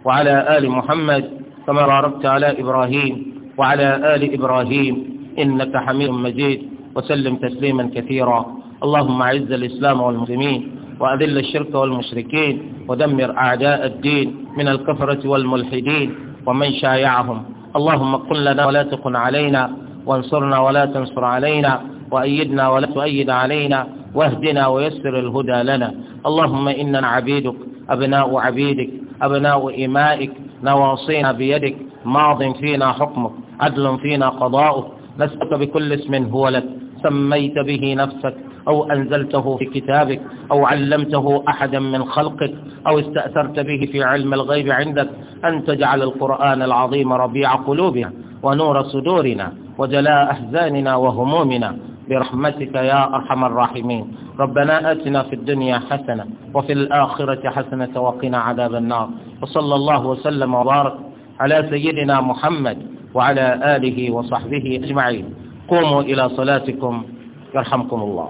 وعلى آل محمد كما باركت على إبراهيم وعلى آل إبراهيم إنك حميد مجيد وسلم تسليما كثيرا اللهم أعز الإسلام والمسلمين وأذل الشرك والمشركين ودمر أعداء الدين من الكفرة والملحدين ومن شايعهم اللهم قل لنا ولا تقن علينا وانصرنا ولا تنصر علينا وأيدنا ولا تؤيد علينا واهدنا ويسر الهدى لنا اللهم إنا عبيدك أبناء عبيدك أبناء إمائك نواصينا بيدك ماض فينا حكمك عدل فينا قضاؤك نسألك بكل اسم هو لك سميت به نفسك أو أنزلته في كتابك أو علمته أحدا من خلقك أو استأثرت به في علم الغيب عندك أن تجعل القرآن العظيم ربيع قلوبنا ونور صدورنا وجلاء أحزاننا وهمومنا برحمتك يا أرحم الراحمين ربنا آتنا في الدنيا حسنة وفي الآخرة حسنة وقنا عذاب النار وصلى الله وسلم وبارك على سيدنا محمد وعلى آله وصحبه أجمعين قوموا إلى صلاتكم يرحمكم الله